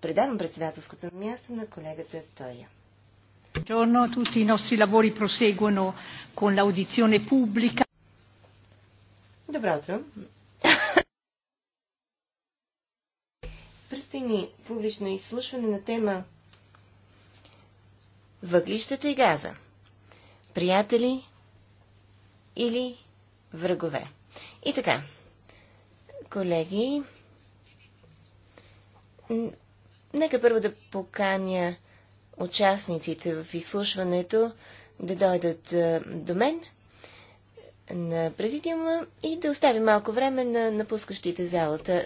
предавам председателското място на колегата Тоя. Buongiorno, tutti i nostri lavori proseguono con l'audizione pubblica. Добро утро. Предстои ни публично изслушване на тема Въглищата и газа. Приятели или врагове. И така, колеги, Нека първо да поканя участниците в изслушването да дойдат до мен на президиума и да оставим малко време на напускащите залата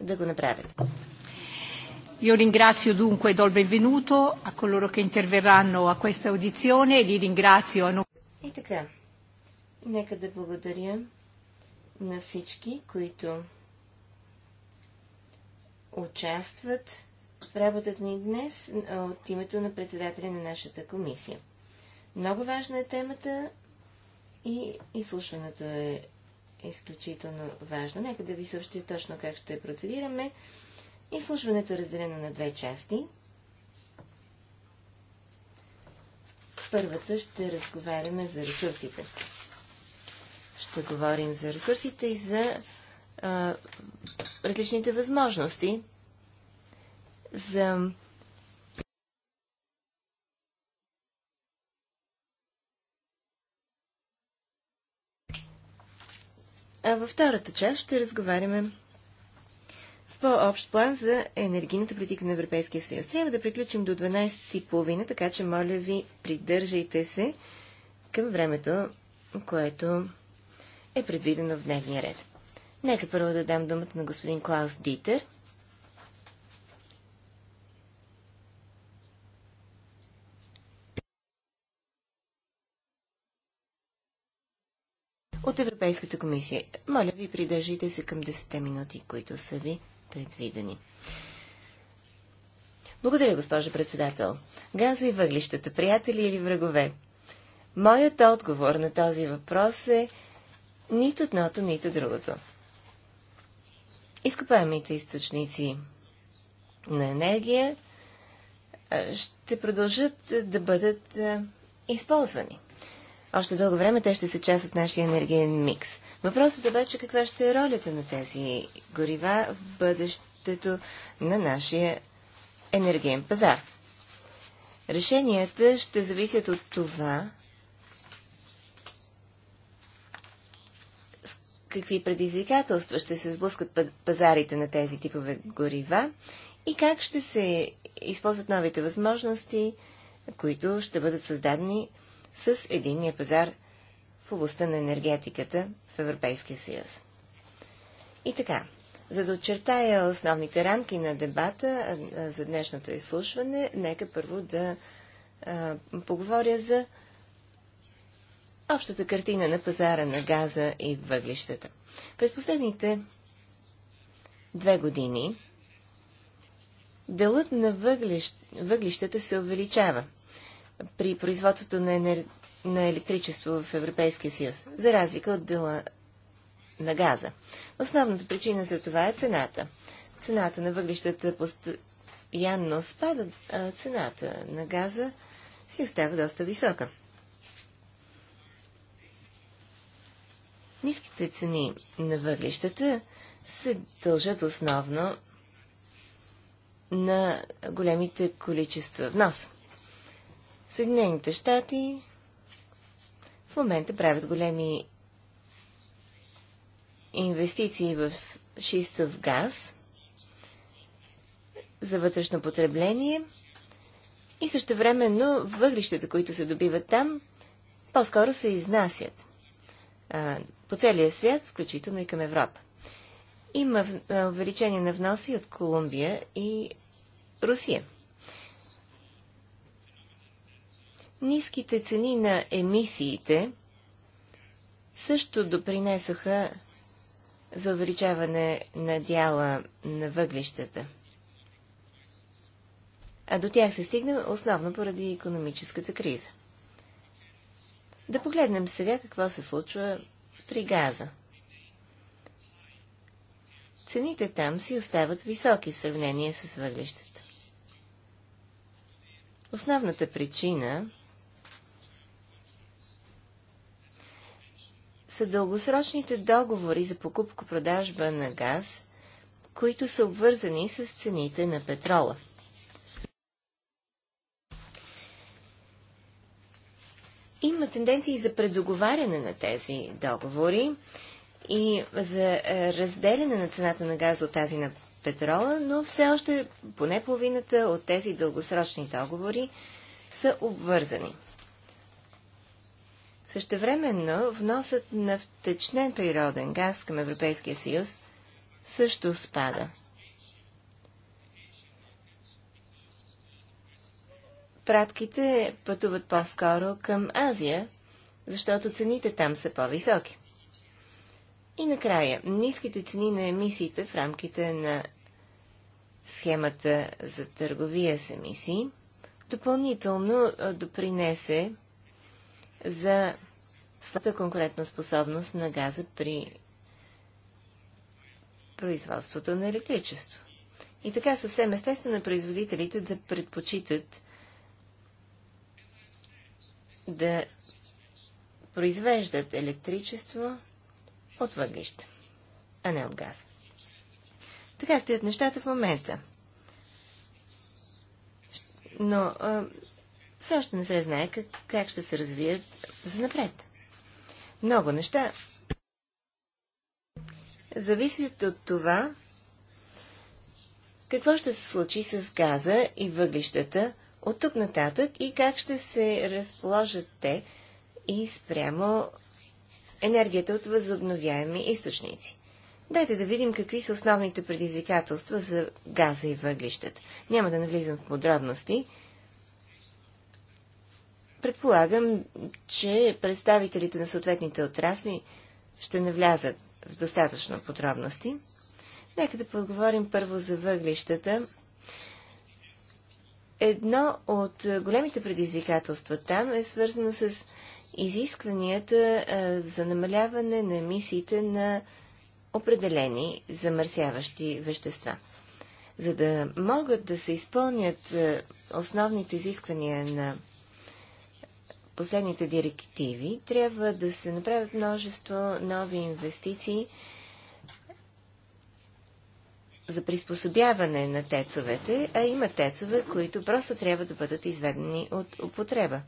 да го направят. Io ringrazio dunque e do il benvenuto a coloro che interverranno a questa audizione e li ringrazio a noi. И така, нека да благодаря на всички, които участват в работата ни днес от името на председателя на нашата комисия. Много важна е темата и изслушването е изключително важно. Нека да ви съобщя точно как ще процедираме. Изслушването е разделено на две части. първата ще разговаряме за ресурсите. Ще говорим за ресурсите и за различните възможности за А във втората част ще разговаряме в по-общ план за енергийната политика на Европейския съюз. Трябва да приключим до 12.30, така че моля ви, придържайте се към времето, което е предвидено в дневния ред. Нека първо да дам думата на господин Клаус Дитер. От Европейската комисия. Моля ви, придържайте се към 10 минути, които са ви предвидени. Благодаря, госпожа председател. Газа и въглищата, приятели или врагове? Моят отговор на този въпрос е нито едното, нито другото изкопаемите източници на енергия ще продължат да бъдат използвани. Още дълго време те ще са част от нашия енергиен микс. Въпросът обаче е каква ще е ролята на тези горива в бъдещето на нашия енергиен пазар. Решенията ще зависят от това, какви предизвикателства ще се сблъскат пазарите на тези типове горива и как ще се използват новите възможности, които ще бъдат създадени с единния пазар в областта на енергетиката в Европейския съюз. И така, за да очертая основните рамки на дебата за днешното изслушване, нека първо да а, поговоря за общата картина на пазара на газа и въглищата. През последните две години делът на въглищ, въглищата се увеличава при производството на, енер... на електричество в Европейския съюз, за разлика от дела на газа. Основната причина за това е цената. Цената на въглищата постоянно спада, а цената на газа си остава доста висока. Ниските цени на въглищата се дължат основно на големите количества внос. Съединените щати в момента правят големи инвестиции в шистов газ за вътрешно потребление и също времено въглищата, които се добиват там, по-скоро се изнасят по целия свят, включително и към Европа. Има увеличение на вноси от Колумбия и Русия. Ниските цени на емисиите също допринесоха за увеличаване на дяла на въглищата. А до тях се стигна основно поради економическата криза. Да погледнем сега какво се случва при газа. Цените там си остават високи в сравнение с въглищата. Основната причина са дългосрочните договори за покупко-продажба на газ, които са обвързани с цените на петрола. има тенденции за предоговаряне на тези договори и за е, разделяне на цената на газа от тази на петрола, но все още поне половината от тези дългосрочни договори са обвързани. Същевременно вносът на втечнен природен газ към Европейския съюз също спада. пратките пътуват по-скоро към Азия, защото цените там са по-високи. И накрая, ниските цени на емисиите в рамките на схемата за търговия с емисии допълнително допринесе за слабата конкурентна способност на газа при производството на електричество. И така съвсем естествено производителите да предпочитат да произвеждат електричество от въглища, а не от газ. Така стоят нещата в момента. Но а, все още не се знае как, как ще се развият за напред. Много неща зависят от това, какво ще се случи с газа и въглищата от тук нататък и как ще се разположат те и спрямо енергията от възобновяеми източници. Дайте да видим какви са основните предизвикателства за газа и въглищата. Няма да навлизам в подробности. Предполагам, че представителите на съответните отрасли ще навлязат в достатъчно подробности. Нека да поговорим първо за въглищата Едно от е, големите предизвикателства там е свързано с изискванията е, за намаляване на емисиите на определени замърсяващи вещества. За да могат да се изпълнят е, основните изисквания на последните директиви, трябва да се направят множество нови инвестиции за приспособяване на тецовете, а има тецове, които просто трябва да бъдат изведени от употреба.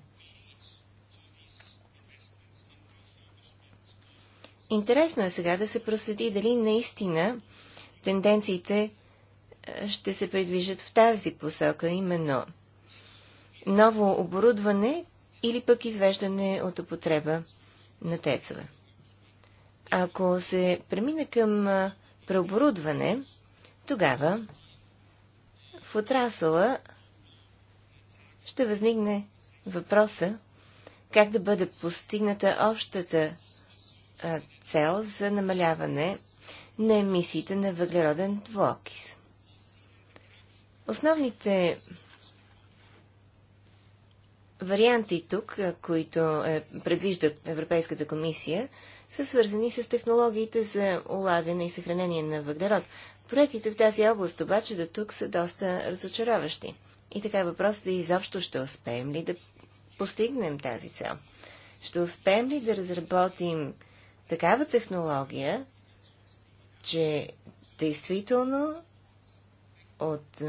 Интересно е сега да се проследи дали наистина тенденциите е, ще се придвижат в тази посока, именно ново оборудване или пък извеждане от употреба на тецове. Ако се премина към е, преоборудване, тогава в отрасъла ще възникне въпроса как да бъде постигната общата а, цел за намаляване на емисиите на въглероден двуокис. Основните варианти тук, които е, предвижда Европейската комисия, са свързани с технологиите за улавяне и съхранение на въглерод, Проектите в тази област обаче до тук са доста разочароващи. И така е въпросът е изобщо ще успеем ли да постигнем тази цел. Ще успеем ли да разработим такава технология, че действително от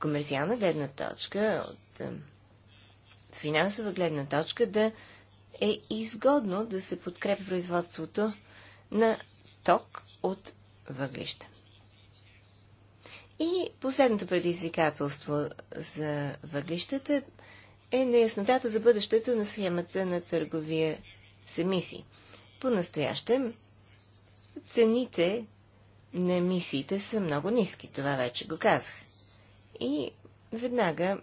комерциална гледна точка, от финансова гледна точка, да е изгодно да се подкрепи производството на ток от въглища. И последното предизвикателство за въглищата е неяснотата за бъдещето на схемата на търговия с емисии. По-настоящем цените на емисиите са много ниски, това вече го казах. И веднага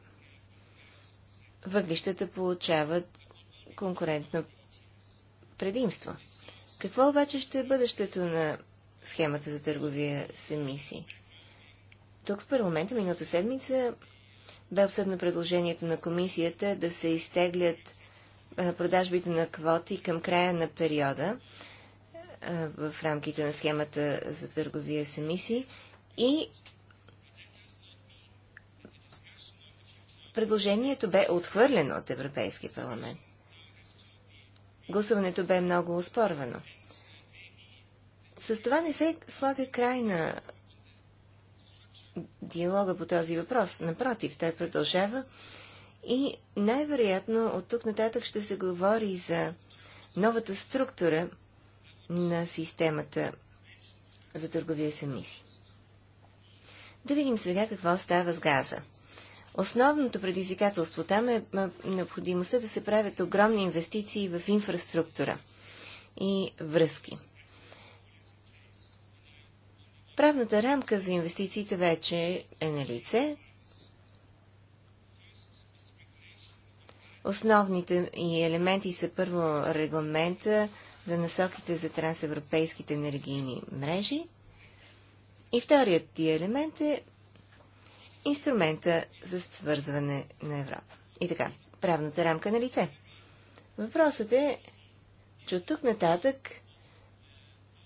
въглищата получават конкурентно предимство. Какво обаче ще е бъдещето на схемата за търговия с емисии? Тук в парламента миналата седмица бе обсъдно предложението на комисията да се изтеглят продажбите на квоти към края на периода в рамките на схемата за търговия с емисии и предложението бе отхвърлено от Европейския парламент. Гласуването бе много оспорвано. С това не се слага край на диалога по този въпрос. Напротив, той продължава и най-вероятно от тук нататък ще се говори за новата структура на системата за търговия с емисии. Да видим сега какво става с газа. Основното предизвикателство там е необходимостта да се правят огромни инвестиции в инфраструктура и връзки. Правната рамка за инвестициите вече е на лице. Основните и елементи са първо регламента за насоките за трансевропейските енергийни мрежи. И вторият ти елемент е инструмента за свързване на Европа. И така, правната рамка е на лице. Въпросът е, че от тук нататък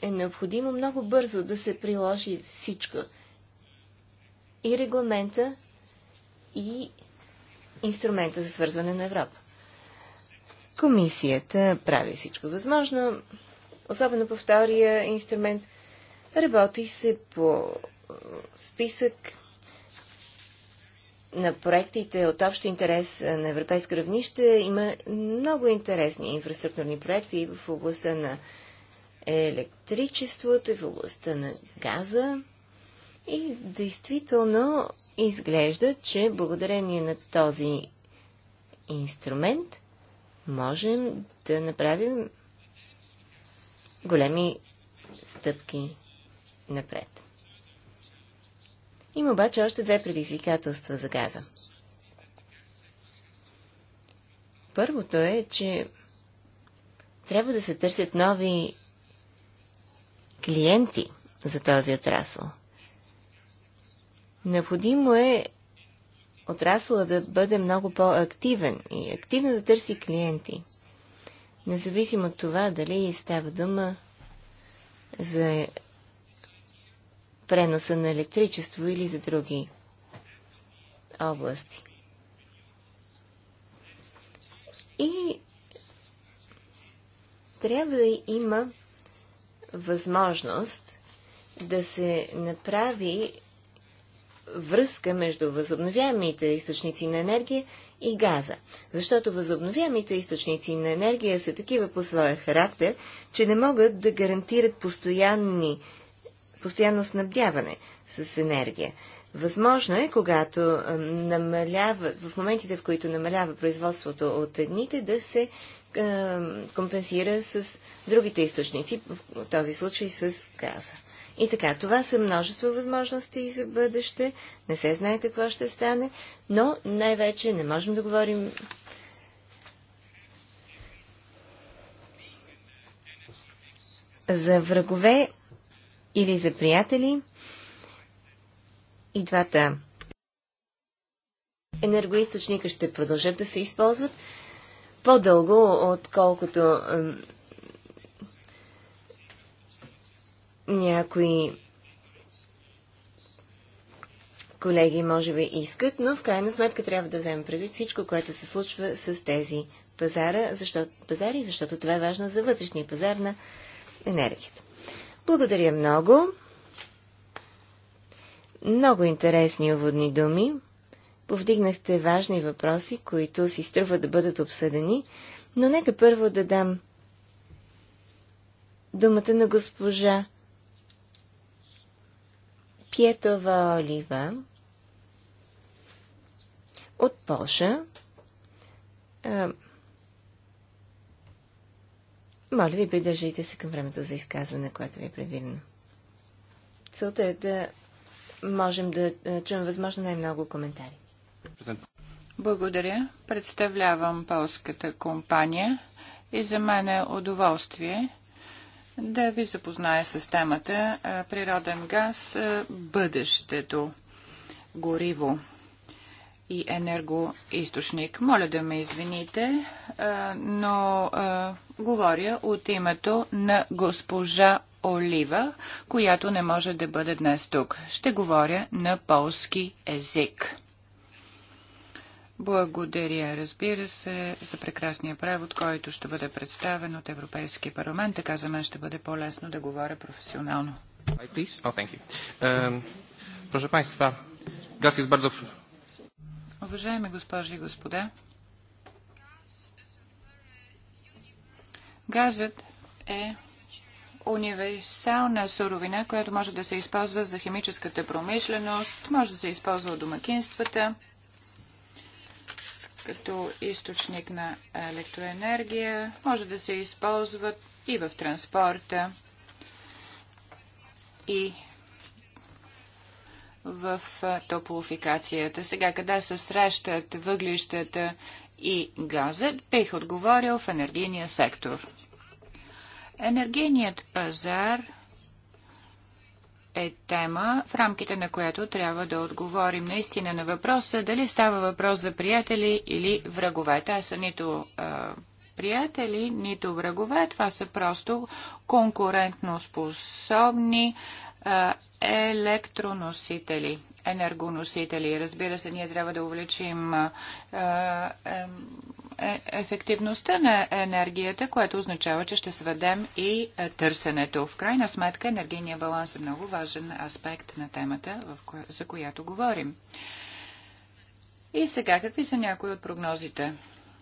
е необходимо много бързо да се приложи всичко. И регламента, и инструмента за свързване на Европа. Комисията прави всичко възможно, особено по втория инструмент. Работи се по списък на проектите от общ интерес на европейско равнище. Има много интересни инфраструктурни проекти в областта на електричеството и в областта на газа. И действително изглежда, че благодарение на този инструмент можем да направим големи стъпки напред. Има обаче още две предизвикателства за газа. Първото е, че трябва да се търсят нови клиенти за този отрасъл. Необходимо е отрасъла да бъде много по-активен и активно да търси клиенти. Независимо от това дали става дума за преноса на електричество или за други области. И трябва да има възможност да се направи връзка между възобновяемите източници на енергия и газа. Защото възобновяемите източници на енергия са такива по своя характер, че не могат да гарантират постоянни, постоянно снабдяване с енергия. Възможно е, когато намалява, в моментите, в които намалява производството от едните, да се компенсира с другите източници, в този случай с газа. И така, това са множество възможности за бъдеще, не се знае какво ще стане, но най-вече не можем да говорим за врагове или за приятели. И двата енергоисточника ще продължат да се използват, по-дълго, отколкото някои колеги може би искат, но в крайна сметка трябва да вземем предвид всичко, което се случва с тези пазара, защото, пазари, защото това е важно за вътрешния пазар на енергията. Благодаря много. Много интересни уводни думи. Повдигнахте важни въпроси, които си струва да бъдат обсъдени, но нека първо да дам думата на госпожа Пиетова Олива от Польша. Моля ви, придържайте се към времето за изказване, което ви е предвидено. Целта е да можем да чуем възможно най-много коментари. Благодаря. Представлявам полската компания и за мен е удоволствие да ви запозная с темата природен газ, бъдещето, гориво и енергоисточник. Моля да ме извините, но говоря от името на госпожа Олива, която не може да бъде днес тук. Ще говоря на полски език. Благодаря, разбира се, за прекрасния превод, който ще бъде представен от Европейския парламент. Така за мен ще бъде по-лесно да говоря професионално. Oh, е Уважаеми госпожи и господа, газът е универсална суровина, която може да се използва за химическата промишленост, може да се използва от домакинствата, като източник на електроенергия, може да се използват и в транспорта, и в топлофикацията. Сега, къде се срещат въглищата и газът, бих отговорил в енергийния сектор. Енергийният пазар – е тема, в рамките на която трябва да отговорим наистина на въпроса дали става въпрос за приятели или врагове. Те са нито а, приятели, нито врагове. Това са просто конкурентно способни а, електроносители енергоносители. Разбира се, ние трябва да увеличим а, а, е, ефективността на енергията, което означава, че ще сведем и е, търсенето. В крайна сметка енергийния баланс е много важен аспект на темата, за която говорим. И сега, какви са някои от прогнозите?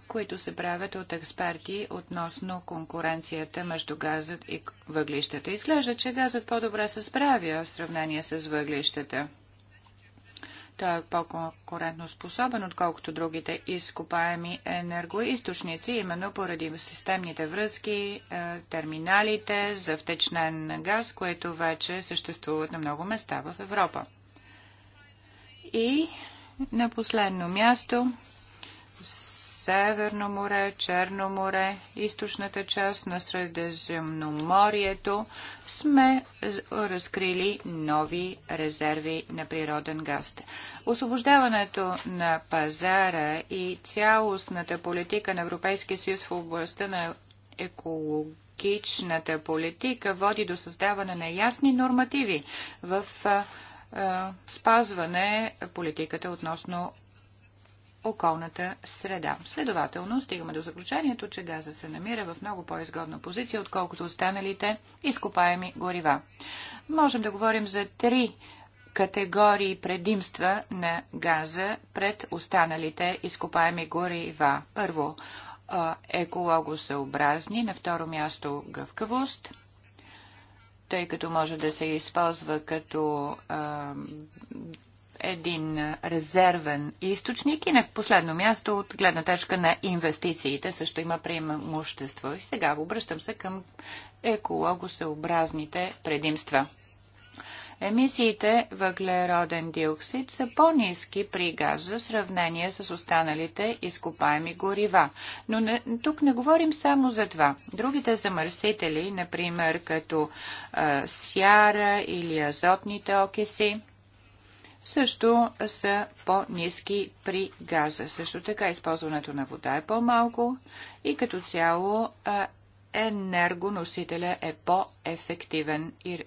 които се правят от експерти относно конкуренцията между газът и въглищата. Изглежда, че газът по-добре се справя в сравнение с въглищата. Той е по-конкурентно способен, отколкото другите изкопаеми енергоисточници, именно поради системните връзки, е, терминалите за втечнен газ, които вече съществуват на много места в Европа. И на последно място Северно море, Черно море, източната част на Средиземноморието сме разкрили нови резерви на природен газ. Освобождаването на пазара и цялостната политика на Европейския съюз в областта на екологичната политика води до създаване на ясни нормативи в спазване политиката относно околната среда. Следователно, стигаме до заключението, че газа се намира в много по-изгодна позиция, отколкото останалите изкопаеми горива. Можем да говорим за три категории предимства на газа пред останалите изкопаеми горива. Първо, екологосъобразни, на второ място гъвкавост, тъй като може да се използва като а, един резервен източник и на последно място от гледна точка на инвестициите също има преимущество. И сега обръщам се към екологосъобразните предимства. Емисиите въглероден диоксид са по-низки при газа в сравнение с останалите изкопаеми горива. Но не, тук не говорим само за това. Другите замърсители, например като а, сяра или азотните окиси, също са по-низки при газа. Също така използването на вода е по-малко и като цяло енергоносителя е по-ефективен и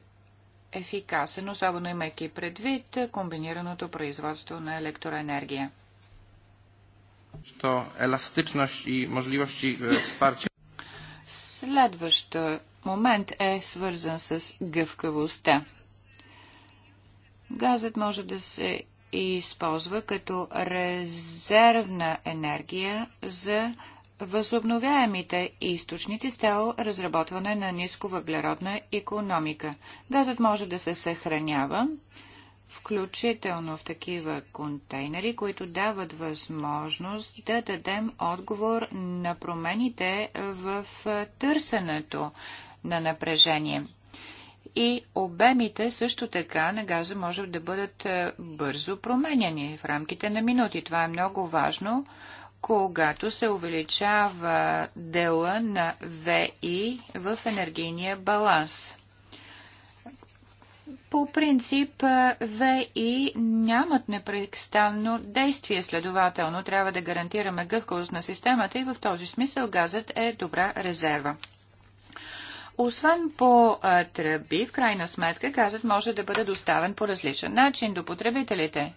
ефикасен, особено имайки предвид комбинираното производство на електроенергия. Що еластичност и можливости е, Следващ момент е свързан с гъвкавостта. Газът може да се използва като резервна енергия за възобновяемите източници с цел разработване на нисковъглеродна економика. Газът може да се съхранява, включително в такива контейнери, които дават възможност да дадем отговор на промените в търсенето на напрежение и обемите също така на газа може да бъдат е, бързо променяни в рамките на минути. Това е много важно, когато се увеличава дела на ВИ в енергийния баланс. По принцип е, ВИ нямат непрестанно действие, следователно трябва да гарантираме гъвкавост на системата и в този смисъл газът е добра резерва освен по а, тръби, в крайна сметка, газът може да бъде доставен по различен начин до потребителите.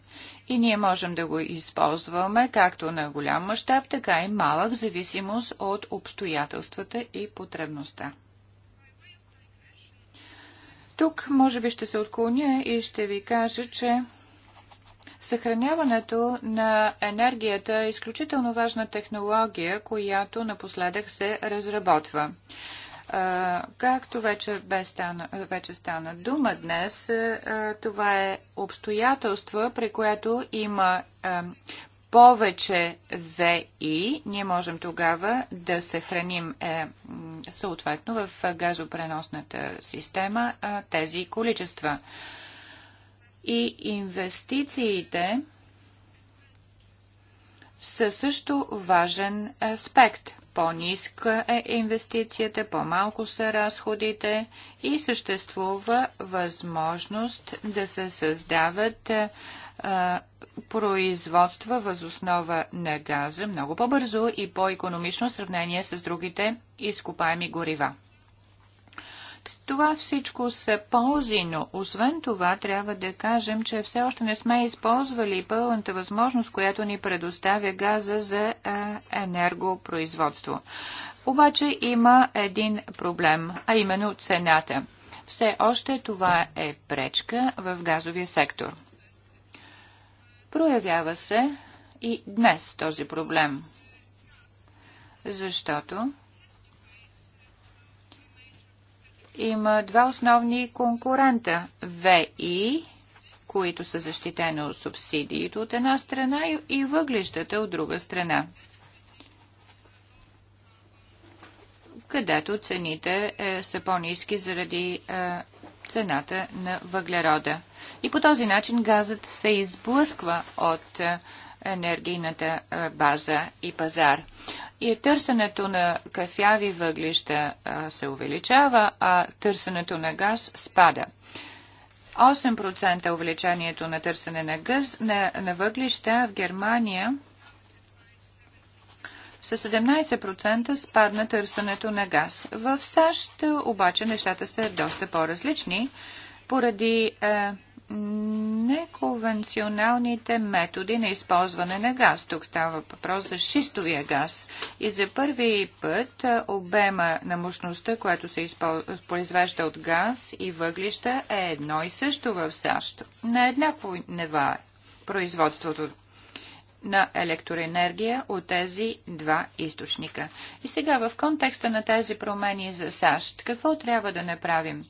И ние можем да го използваме както на голям мащаб, така и малък, в зависимост от обстоятелствата и потребността. Тук може би ще се отклоня и ще ви кажа, че Съхраняването на енергията е изключително важна технология, която напоследък се разработва. Както вече, бе стана, вече стана дума днес, това е обстоятелство, при което има повече ВИ, ние можем тогава да съхраним храним е, съответно в газопреносната система тези количества. И инвестициите, са също важен аспект. По-ниска е инвестицията, по-малко са разходите и съществува възможност да се създават производства възоснова на газа много по-бързо и по-економично в сравнение с другите изкопаеми горива. Това всичко са ползи, но освен това трябва да кажем, че все още не сме използвали пълната възможност, която ни предоставя газа за енергопроизводство. Обаче има един проблем, а именно цената. Все още това е пречка в газовия сектор. Проявява се и днес този проблем, защото има два основни конкурента – ВИ, които са защитени от субсидиите от една страна и въглищата от друга страна, където цените е, са по-низки заради е, цената на въглерода. И по този начин газът се изблъсква от е, енергийната база и пазар. И търсенето на кафяви въглища се увеличава, а търсенето на газ спада. 8% увеличението на търсене на, газ, на, на въглища в Германия с 17% спадна търсенето на газ. В САЩ обаче нещата са доста по-различни поради е, неконвенционалните методи на използване на газ. Тук става въпрос за шистовия газ. И за първи път обема на мощността, която се произвежда от газ и въглища е едно и също в САЩ. На еднакво нева е производството на електроенергия от тези два източника. И сега в контекста на тези промени за САЩ, какво трябва да направим?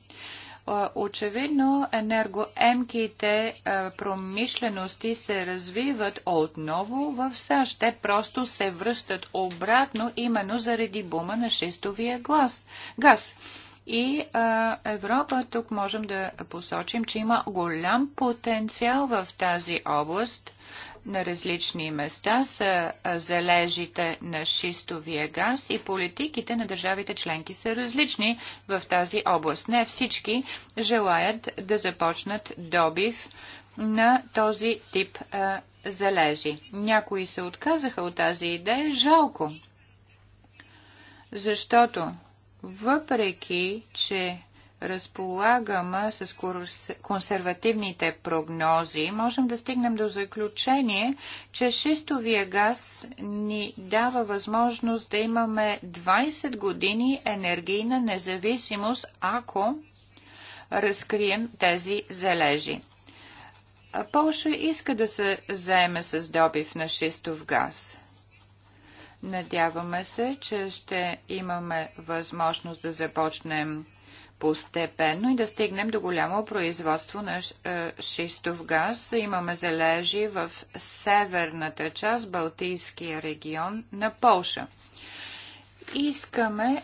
Е, очевидно, енергоемките е, промишлености се развиват отново в САЩ. Те просто се връщат обратно, именно заради бума на шестовия глас, газ. И а, е, Европа, тук можем да посочим, че има голям потенциал в тази област – на различни места са залежите на шистовия газ и политиките на държавите членки са различни в тази област. Не всички желаят да започнат добив на този тип а, залежи. Някои се отказаха от тази идея. Жалко. Защото въпреки, че разполагаме с консервативните прогнози, можем да стигнем до заключение, че шистовия газ ни дава възможност да имаме 20 години енергийна независимост, ако разкрием тези залежи. Полша иска да се заеме с добив на шистов газ. Надяваме се, че ще имаме възможност да започнем постепенно и да стигнем до голямо производство на е, шистов газ. Имаме залежи в северната част, Балтийския регион на Полша. Искаме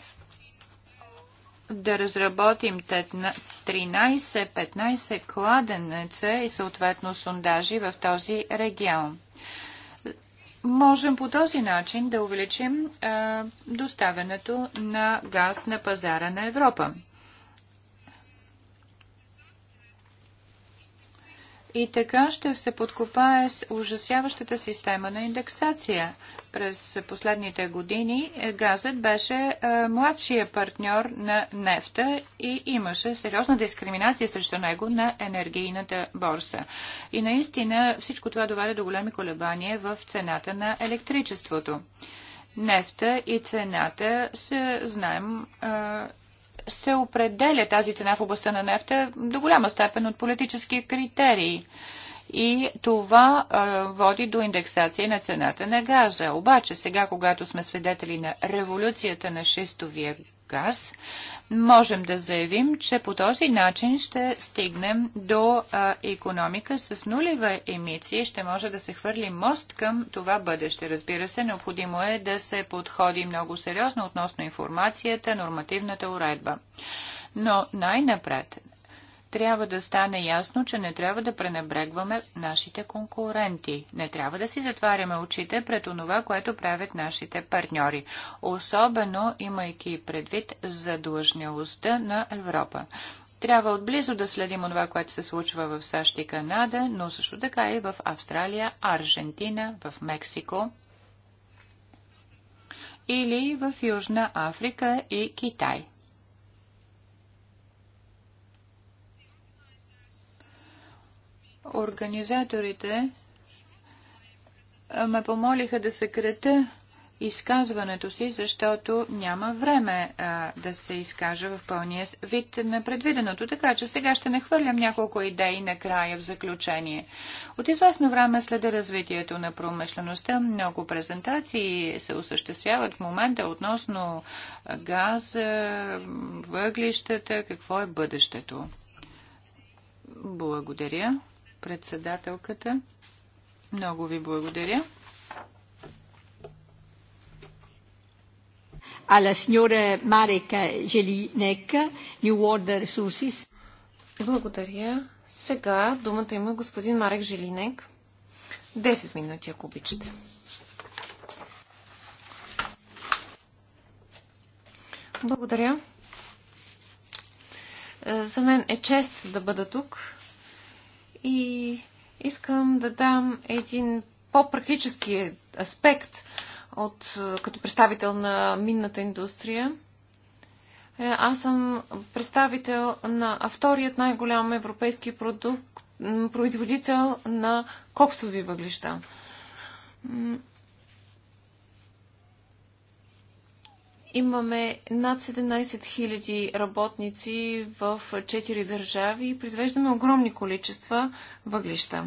да разработим 13-15 кладенеца и съответно сондажи в този регион. Можем по този начин да увеличим е, доставянето на газ на пазара на Европа. И така ще се подкопае с ужасяващата система на индексация. През последните години газът беше е, младшия партньор на нефта и имаше сериозна дискриминация срещу него на енергийната борса. И наистина всичко това доведе до големи колебания в цената на електричеството. Нефта и цената се знаем е, се определя тази цена в областта на нефта до голяма степен от политически критерии. И това а, води до индексация на цената на газа. Обаче сега, когато сме свидетели на революцията на шестовия газ, можем да заявим, че по този начин ще стигнем до а, економика с нулева емисия и ще може да се хвърли мост към това бъдеще. Разбира се, необходимо е да се подходи много сериозно относно информацията, нормативната уредба. Но най-напред трябва да стане ясно, че не трябва да пренебрегваме нашите конкуренти. Не трябва да си затваряме очите пред онова, което правят нашите партньори, особено имайки предвид задлъжнялостта на Европа. Трябва отблизо да следим това, което се случва в САЩ и Канада, но също така и в Австралия, Аржентина, в Мексико или в Южна Африка и Китай. Организаторите ме помолиха да съкрета изказването си, защото няма време а, да се изкажа в пълния вид на предвиденото, така че сега ще не хвърлям няколко идеи накрая в заключение. От известно време след развитието на промишлеността, много презентации се осъществяват в момента относно газ, въглищата, какво е бъдещето. Благодаря. Председателката, много ви благодаря. alla signora Марека Желинек, New World Resources. Благодаря. Сега думата има господин Марек Желинек. 10 минути, ако обичате. Благодаря. Е, за мен е чест да бъда тук и искам да дам един по-практически аспект от, като представител на минната индустрия. Е, аз съм представител на вторият най-голям европейски продукт, производител на коксови въглища. Имаме над 17 000 работници в 4 държави и произвеждаме огромни количества въглища.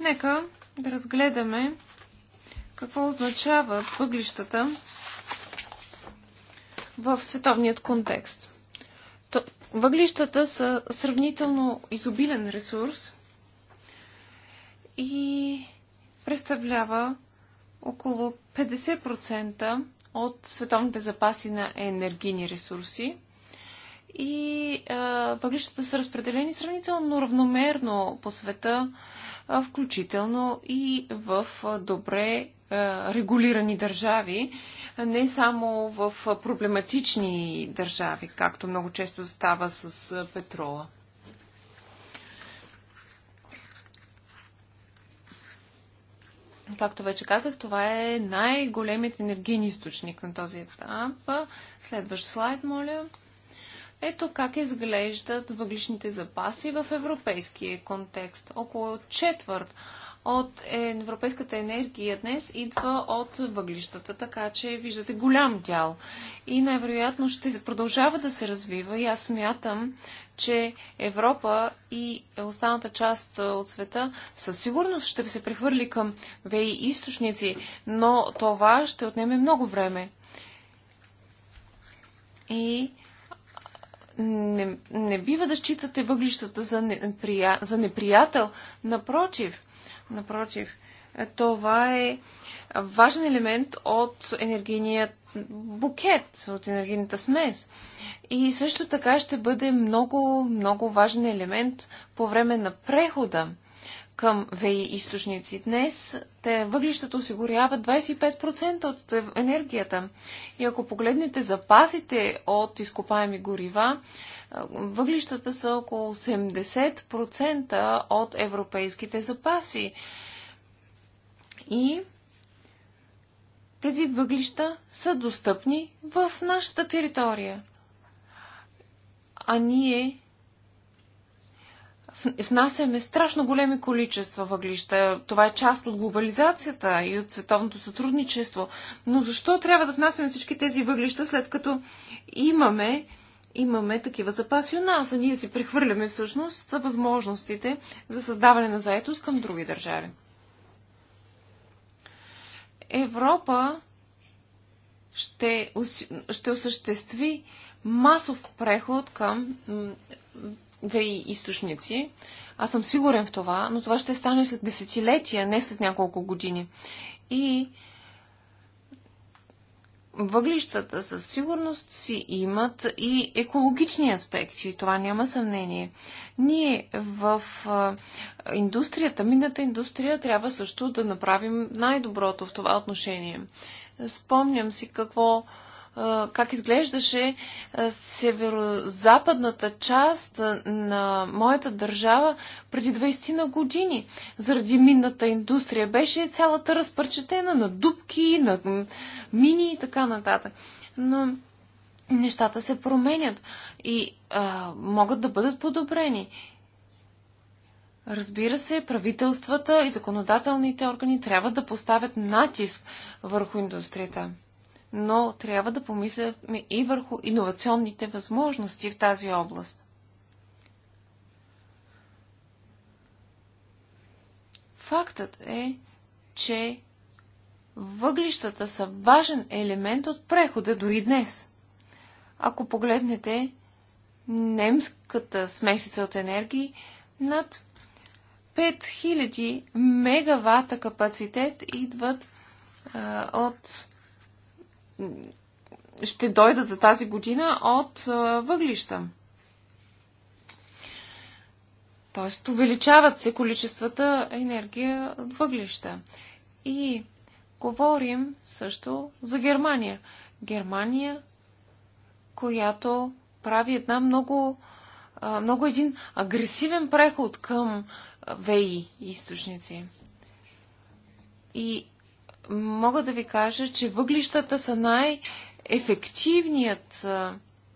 Нека да разгледаме какво означават въглищата в световният контекст. Въглищата са сравнително изобилен ресурс и представлява около 50% от световните запаси на енергийни ресурси и въглищата са разпределени сравнително равномерно по света, а, включително и в добре а, регулирани държави, не само в проблематични държави, както много често става с петрола. Както вече казах, това е най-големият енергиен източник на този етап. Следващ слайд, моля. Ето как изглеждат въглишните запаси в европейския контекст. Около четвърт от европейската енергия днес идва от въглищата, така че виждате голям дял. И най-вероятно ще продължава да се развива и аз смятам, че Европа и останата част от света със сигурност ще се прехвърли към ВИ източници, но това ще отнеме много време. И не, не бива да считате въглищата за, за неприятел. Напротив, Напротив, това е важен елемент от енергийният букет, от енергийната смес. И също така ще бъде много, много важен елемент по време на прехода към ВИ източници. Днес те въглищата осигуряват 25% от енергията. И ако погледнете запасите от изкопаеми горива, въглищата са около 80% от европейските запаси. И тези въглища са достъпни в нашата територия. А ние внасяме страшно големи количества въглища. Това е част от глобализацията и от световното сътрудничество. Но защо трябва да внасяме всички тези въглища, след като имаме, имаме такива запаси у нас, а ние си прехвърляме всъщност възможностите за създаване на заетост към други държави? Европа ще, ще осъществи масов преход към ВИ източници. Аз съм сигурен в това, но това ще стане след десетилетия, не след няколко години. И въглищата със сигурност си имат и екологични аспекти. Това няма съмнение. Ние в индустрията, мината индустрия, трябва също да направим най-доброто в това отношение. Спомням си какво как изглеждаше северо-западната част на моята държава преди 20 на години. Заради минната индустрия беше цялата разпърчетена на дубки, на мини и така нататък. Но нещата се променят и а, могат да бъдат подобрени. Разбира се, правителствата и законодателните органи трябва да поставят натиск върху индустрията но трябва да помисляме и върху иновационните възможности в тази област. Фактът е, че въглищата са важен елемент от прехода дори днес. Ако погледнете немската смесица от енергии, над 5000 мегавата капацитет идват а, от ще дойдат за тази година от въглища. Тоест, увеличават се количествата енергия от въглища. И говорим също за Германия. Германия, която прави една много, много един агресивен преход към ВИ източници. И мога да ви кажа, че въглищата са най-ефективният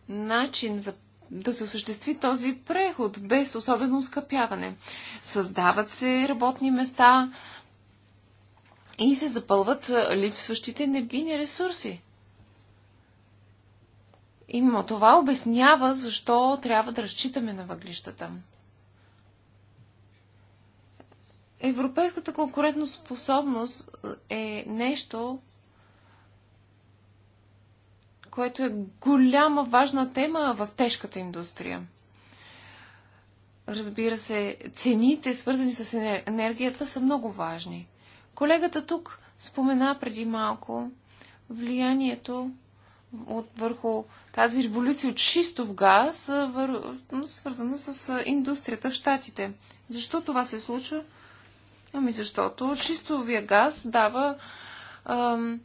начин за да се осъществи този преход без особено скъпяване. Създават се работни места и се запълват липсващите енергийни ресурси. Именно това обяснява защо трябва да разчитаме на въглищата. Европейската конкурентоспособност е нещо, което е голяма важна тема в тежката индустрия. Разбира се, цените, свързани с енергията, са много важни. Колегата тук спомена преди малко влиянието от върху тази революция от шистов газ, свързана с индустрията в Штатите. Защо това се случва? Ами защото чистовия газ дава ам,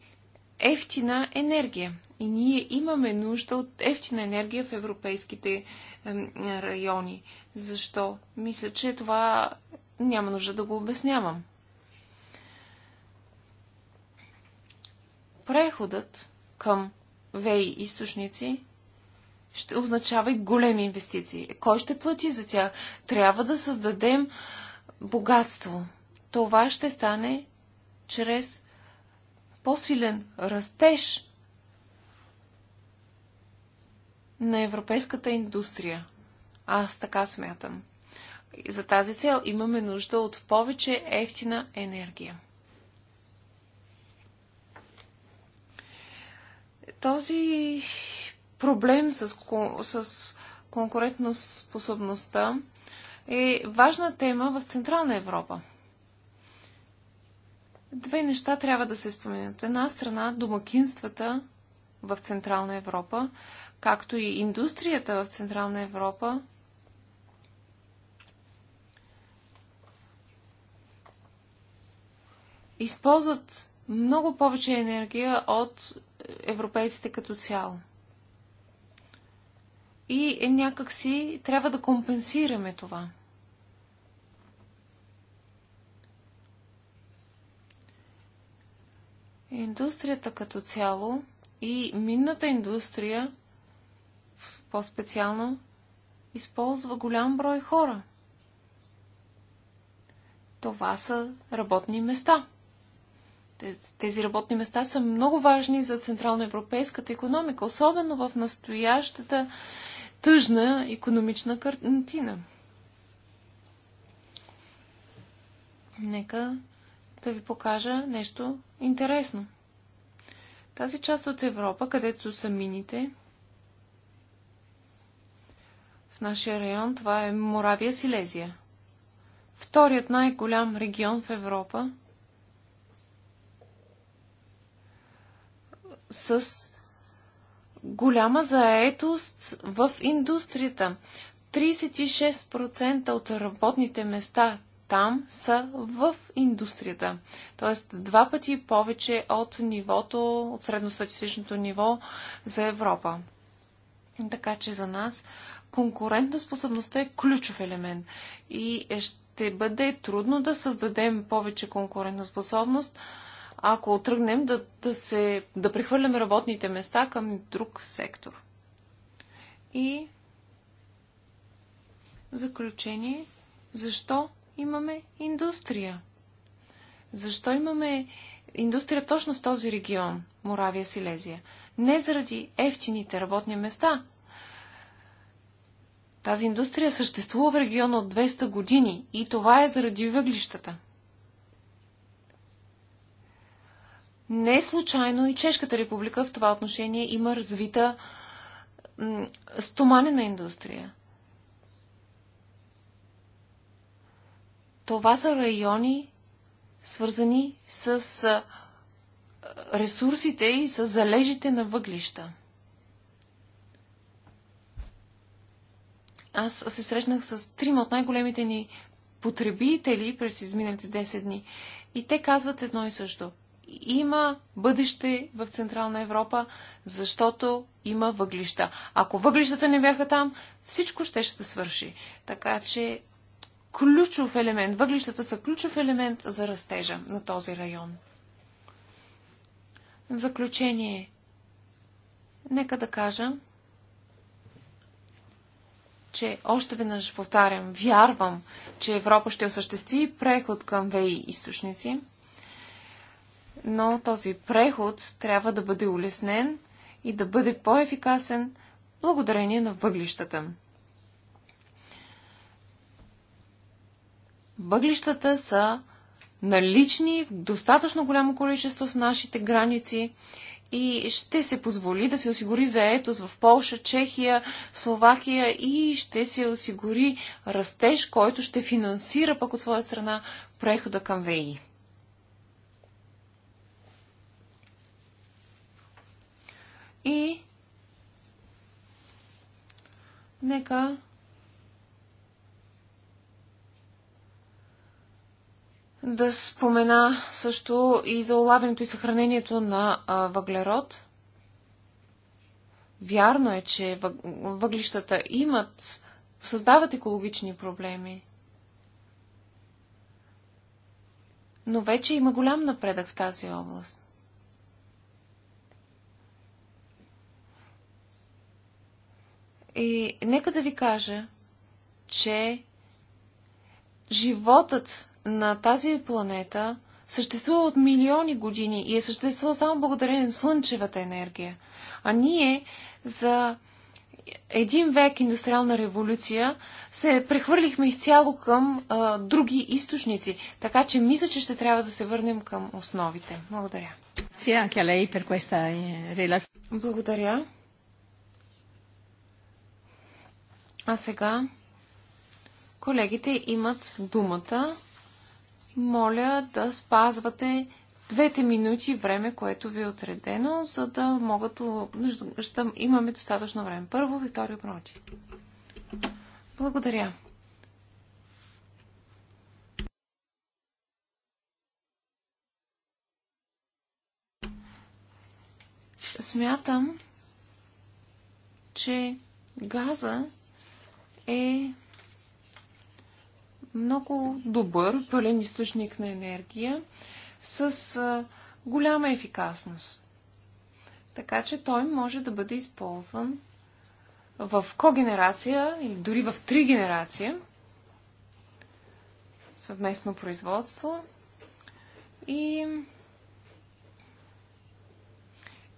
ефтина енергия. И ние имаме нужда от ефтина енергия в европейските райони. Защо? Мисля, че това няма нужда да го обяснявам. Преходът към ВЕИ източници ще означава и големи инвестиции. Кой ще плати за тях? Трябва да създадем богатство, това ще стане чрез по-силен растеж на европейската индустрия. Аз така смятам. И за тази цел имаме нужда от повече ефтина енергия. Този проблем с, с конкурентоспособността е важна тема в Централна Европа. Две неща трябва да се споменят. От една страна, домакинствата в Централна Европа, както и индустрията в Централна Европа, използват много повече енергия от европейците като цяло. И е някакси трябва да компенсираме това. Индустрията като цяло и минната индустрия по-специално използва голям брой хора. Това са работни места. Тези работни места са много важни за централноевропейската економика, особено в настоящата тъжна економична картина. Нека да ви покажа нещо интересно. Тази част от Европа, където са мините, в нашия район това е Моравия Силезия. Вторият най-голям регион в Европа с голяма заетост в индустрията. 36% от работните места там са в индустрията. Тоест два пъти повече от нивото, от средностатистичното ниво за Европа. Така че за нас конкурентна способността е ключов елемент и е, ще бъде трудно да създадем повече конкурентна способност, ако тръгнем да, да, се, да прехвърляме работните места към друг сектор. И в заключение, защо имаме индустрия? Защо имаме индустрия точно в този регион, Моравия, Силезия? Не заради ефтините работни места. Тази индустрия съществува в региона от 200 години и това е заради въглищата. Не е случайно и Чешката република в това отношение има развита стоманена индустрия. Това са райони, свързани с ресурсите и с залежите на въглища. Аз се срещнах с трима от най-големите ни потребители през изминалите 10 дни. И те казват едно и също. Има бъдеще в Централна Европа, защото има въглища. Ако въглищата не бяха там, всичко ще ще свърши. Така че ключов елемент. Въглищата са ключов елемент за растежа на този район. В заключение, нека да кажа, че още веднъж повтарям, вярвам, че Европа ще осъществи преход към ВИ източници, но този преход трябва да бъде улеснен и да бъде по-ефикасен благодарение на въглищата. Въглищата са налични в достатъчно голямо количество в нашите граници и ще се позволи да се осигури заетост в Полша, Чехия, Словакия и ще се осигури растеж, който ще финансира пък от своя страна прехода към ВИ. И нека да спомена също и за улавянето и съхранението на въглерод. Вярно е, че въглищата имат, създават екологични проблеми. Но вече има голям напредък в тази област. И нека да ви кажа, че животът на тази планета съществува от милиони години и е съществува само благодарение на слънчевата енергия. А ние за един век индустриална революция се прехвърлихме изцяло към а, други източници. Така че мисля, че ще трябва да се върнем към основите. Благодаря. Eh, Благодаря. А сега колегите имат думата моля да спазвате двете минути време, което ви е отредено, за да могат, да имаме достатъчно време. Първо, Виктория Прочи. Благодаря. Смятам, че газа е много добър, пълен източник на енергия с голяма ефикасност. Така че той може да бъде използван в когенерация или дори в три генерация съвместно производство и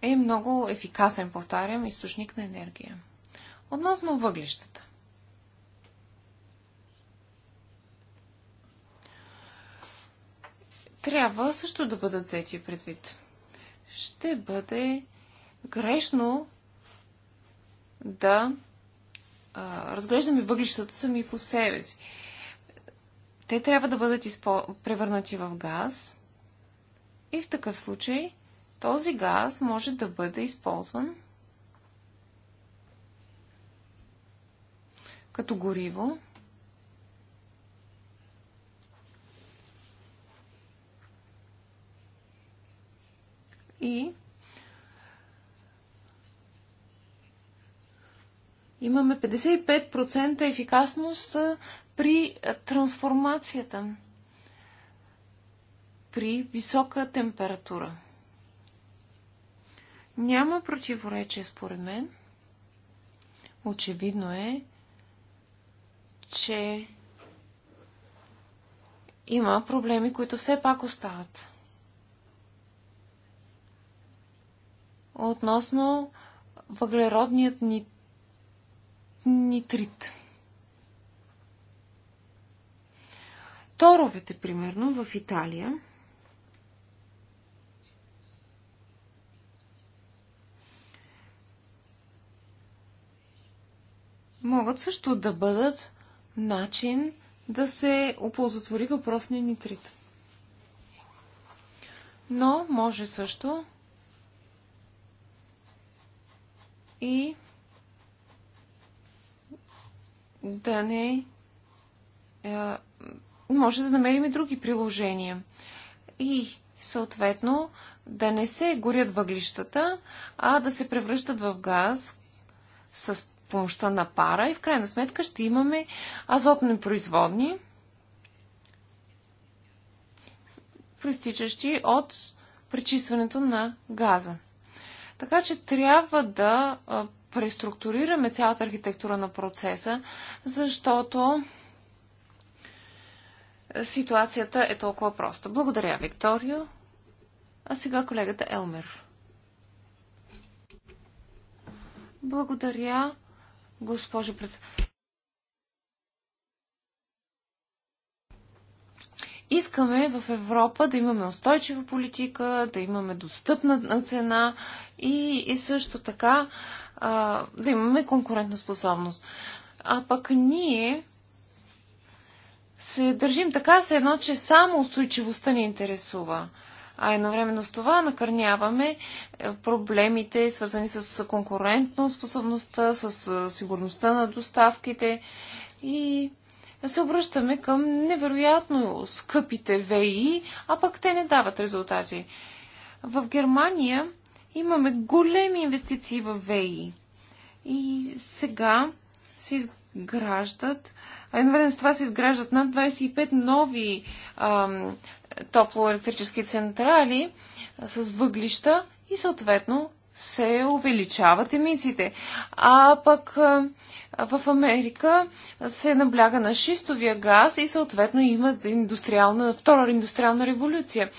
е много ефикасен, повтарям, източник на енергия. Относно въглищата. трябва също да бъдат взети предвид. Ще бъде грешно да а, разглеждаме въглищата сами по себе си. Те трябва да бъдат изпо... превърнати в газ и в такъв случай този газ може да бъде използван като гориво и имаме 55% ефикасност при трансформацията при висока температура. Няма противоречие според мен. Очевидно е, че има проблеми, които все пак остават. относно въглеродният ни... нитрит. Торовете, примерно, в Италия могат също да бъдат начин да се оползотвори въпросния нитрит. Но може също и да не. Е, може да намерим и други приложения. И съответно да не се горят въглищата, а да се превръщат в газ с помощта на пара и в крайна сметка ще имаме азотни производни, проистичащи от пречистването на газа. Така че трябва да преструктурираме цялата архитектура на процеса, защото ситуацията е толкова проста. Благодаря, Викторио. А сега колегата Елмер. Благодаря, госпожо председател. Искаме в Европа да имаме устойчива политика, да имаме достъпна цена и, и също така а, да имаме конкурентоспособност. А пък ние се държим така, се едно, че само устойчивостта ни интересува. А едновременно с това накърняваме е, проблемите, свързани с конкурентно способността, с е, сигурността на доставките и се обръщаме към невероятно скъпите ВИ, а пък те не дават резултати. В Германия имаме големи инвестиции в ВИ. И сега се изграждат, а едновременно с това се изграждат над 25 нови ам, топлоелектрически централи с въглища и съответно се увеличават емисиите. А пък в Америка се набляга на шистовия газ и съответно има индустриална, втора индустриална революция.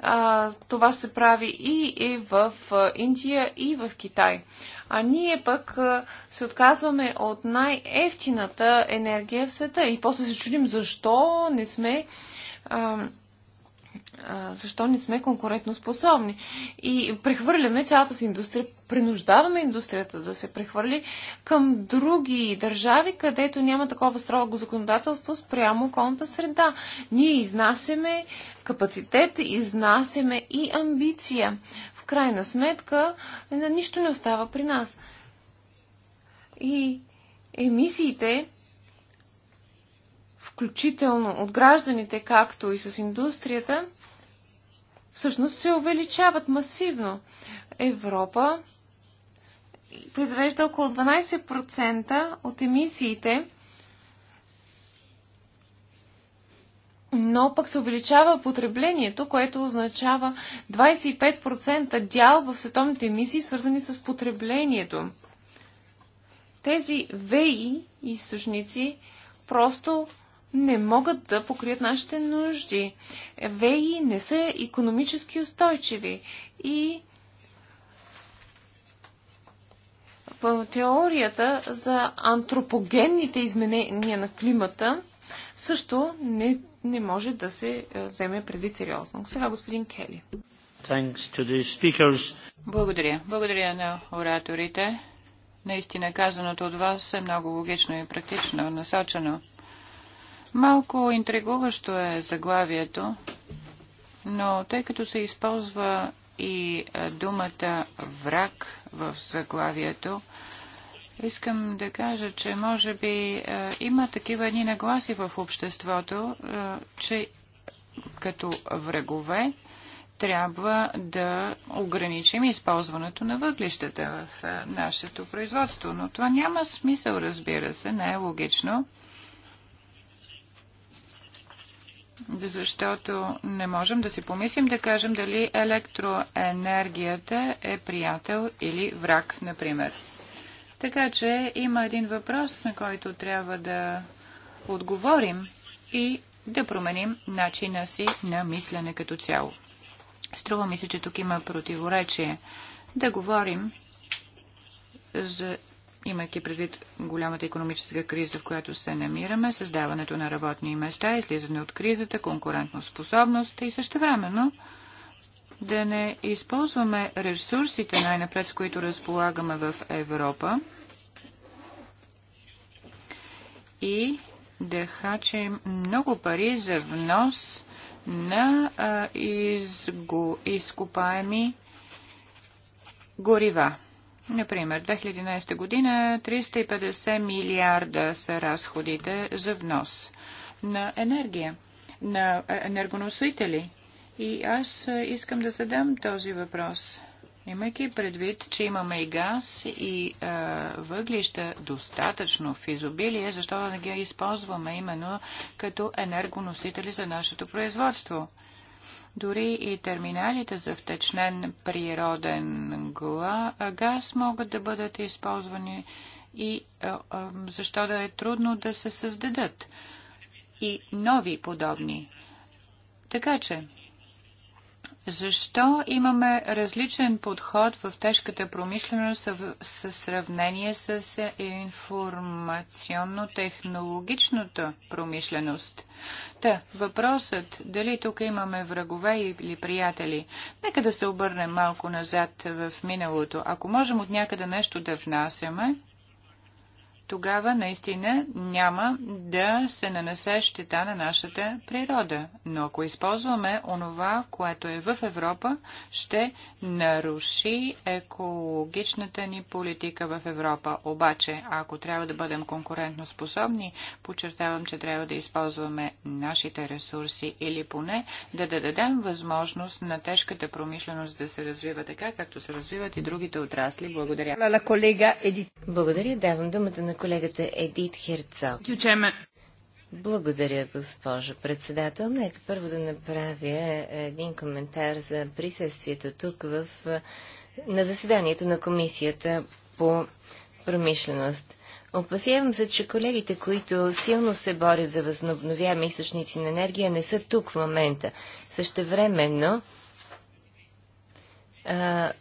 А, това се прави и, и в Индия, и в Китай. А ние пък се отказваме от най-ефтината енергия в света и после се чудим защо не сме. А, защо не сме конкурентно способни. И прехвърляме цялата си индустрия, принуждаваме индустрията да се прехвърли към други държави, където няма такова строго законодателство спрямо околната среда. Ние изнасяме капацитет, изнасяме и амбиция. В крайна сметка, нищо не остава при нас. И емисиите включително от гражданите, както и с индустрията, всъщност се увеличават масивно. Европа произвежда около 12% от емисиите, но пък се увеличава потреблението, което означава 25% дял в световните емисии, свързани с потреблението. Тези ВИ източници просто не могат да покрият нашите нужди. ВЕИ не са економически устойчиви и теорията за антропогенните изменения на климата също не, не може да се е, вземе предвид сериозно. Сега господин Кели. Благодаря. Благодаря на ораторите. Наистина казаното от вас е много логично и практично насочено. Малко интригуващо е заглавието, но тъй като се използва и е, думата враг в заглавието, Искам да кажа, че може би е, има такива едни нагласи в обществото, е, че като врагове трябва да ограничим използването на въглищата в е, нашето производство. Но това няма смисъл, разбира се, не е логично. защото не можем да си помислим да кажем дали електроенергията е приятел или враг, например. Така че има един въпрос, на който трябва да отговорим и да променим начина си на мислене като цяло. Струва ми се, че тук има противоречие да говорим за имайки предвид голямата економическа криза, в която се намираме, създаването на работни места, излизане от кризата, способност и същевременно да не използваме ресурсите най-напред, с които разполагаме в Европа и да хачим много пари за внос на а, изго, изкопаеми горива. Например, 2011 година 350 милиарда са разходите за внос на енергия, на е, енергоносители. И аз искам да задам този въпрос. Имайки предвид, че имаме и газ, и а, е, въглища достатъчно в изобилие, защото да не ги използваме именно като енергоносители за нашето производство? Дори и терминалите за втечнен природен газ могат да бъдат използвани и защо да е трудно да се създадат и нови подобни. Така че, защо имаме различен подход в тежката промишленост в сравнение с информационно-технологичната промишленост? Та, въпросът дали тук имаме врагове или приятели. Нека да се обърнем малко назад в миналото. Ако можем от някъде нещо да внасяме, тогава наистина няма да се нанесе щета на нашата природа. Но ако използваме онова, което е в Европа, ще наруши екологичната ни политика в Европа. Обаче, ако трябва да бъдем конкурентно способни, подчертавам, че трябва да използваме нашите ресурси или поне да, да дадем възможност на тежката промишленост да се развива така, както се развиват и другите отрасли. Благодаря. Благодаря. Давам думата на на колегата Едит Херцог. Благодаря, госпожо председател. Нека първо да направя е, един коментар за присъствието тук в, е, на заседанието на комисията по промишленост. Опасявам се, че колегите, които силно се борят за възобновяеми източници на енергия, не са тук в момента. Същевременно а,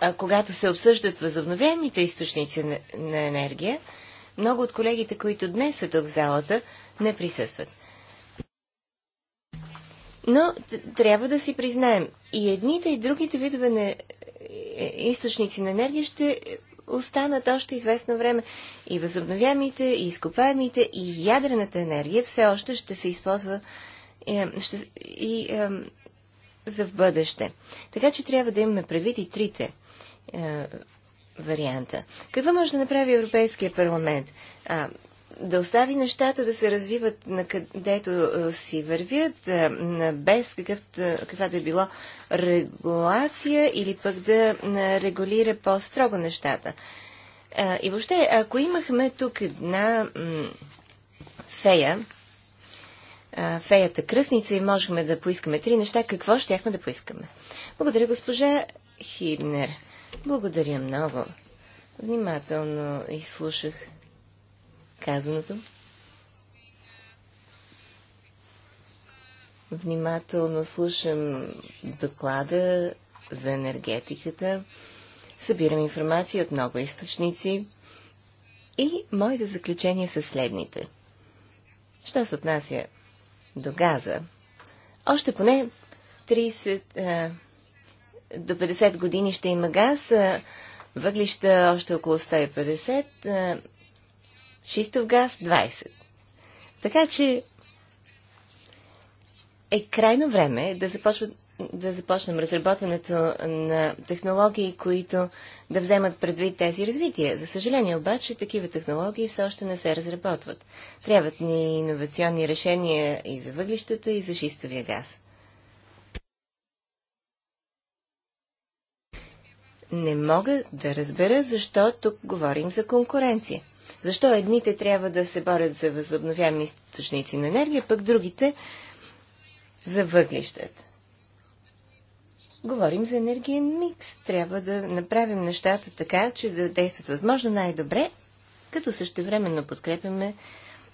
а, когато се обсъждат възобновяемите източници на, на енергия, много от колегите, които днес са тук в залата, не присъстват. Но трябва да си признаем, и едните и другите видове на е, източници на енергия ще останат още известно време. И възобновяемите, и изкопаемите, и ядрената енергия все още ще се използва е, ще, и за в бъдеще. Така че трябва да имаме предвид и трите е, варианта. Какво може да направи Европейския парламент? А, да остави нещата да се развиват на където е, си вървят, е, без е, каквато е било регулация или пък да регулира по-строго нещата. И въобще, ако имахме тук една фея, феята кръсница и можехме да поискаме три неща, какво щяхме да поискаме? Благодаря, госпожа Хибнер. Благодаря много. Внимателно изслушах казаното. Внимателно слушам доклада за енергетиката. Събирам информация от много източници. И моите заключения са следните. Що се отнася до Газа, още поне 30 а, до 50 години ще има газ, а, въглища още около 150, а, шистов газ 20. Така че е крайно време да започват да започнем разработването на технологии, които да вземат предвид тези развития. За съжаление обаче, такива технологии все още не се разработват. Трябват ни иновационни решения и за въглищата, и за шистовия газ. Не мога да разбера защо тук говорим за конкуренция. Защо едните трябва да се борят за възобновяеми източници на енергия, пък другите за въглищата. Говорим за енергиен микс. Трябва да направим нещата така, че да действат възможно най-добре, като същевременно подкрепяме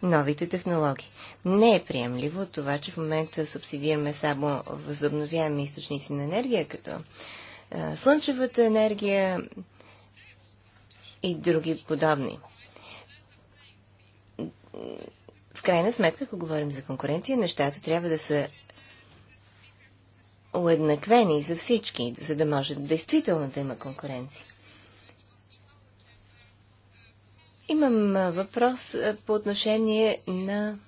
новите технологии. Не е приемливо това, че в момента субсидираме само възобновяеми източници на енергия, като слънчевата енергия и други подобни. В крайна сметка, ако говорим за конкуренция, нещата трябва да са уеднаквени за всички, за да може действително да има конкуренция. Имам въпрос по отношение на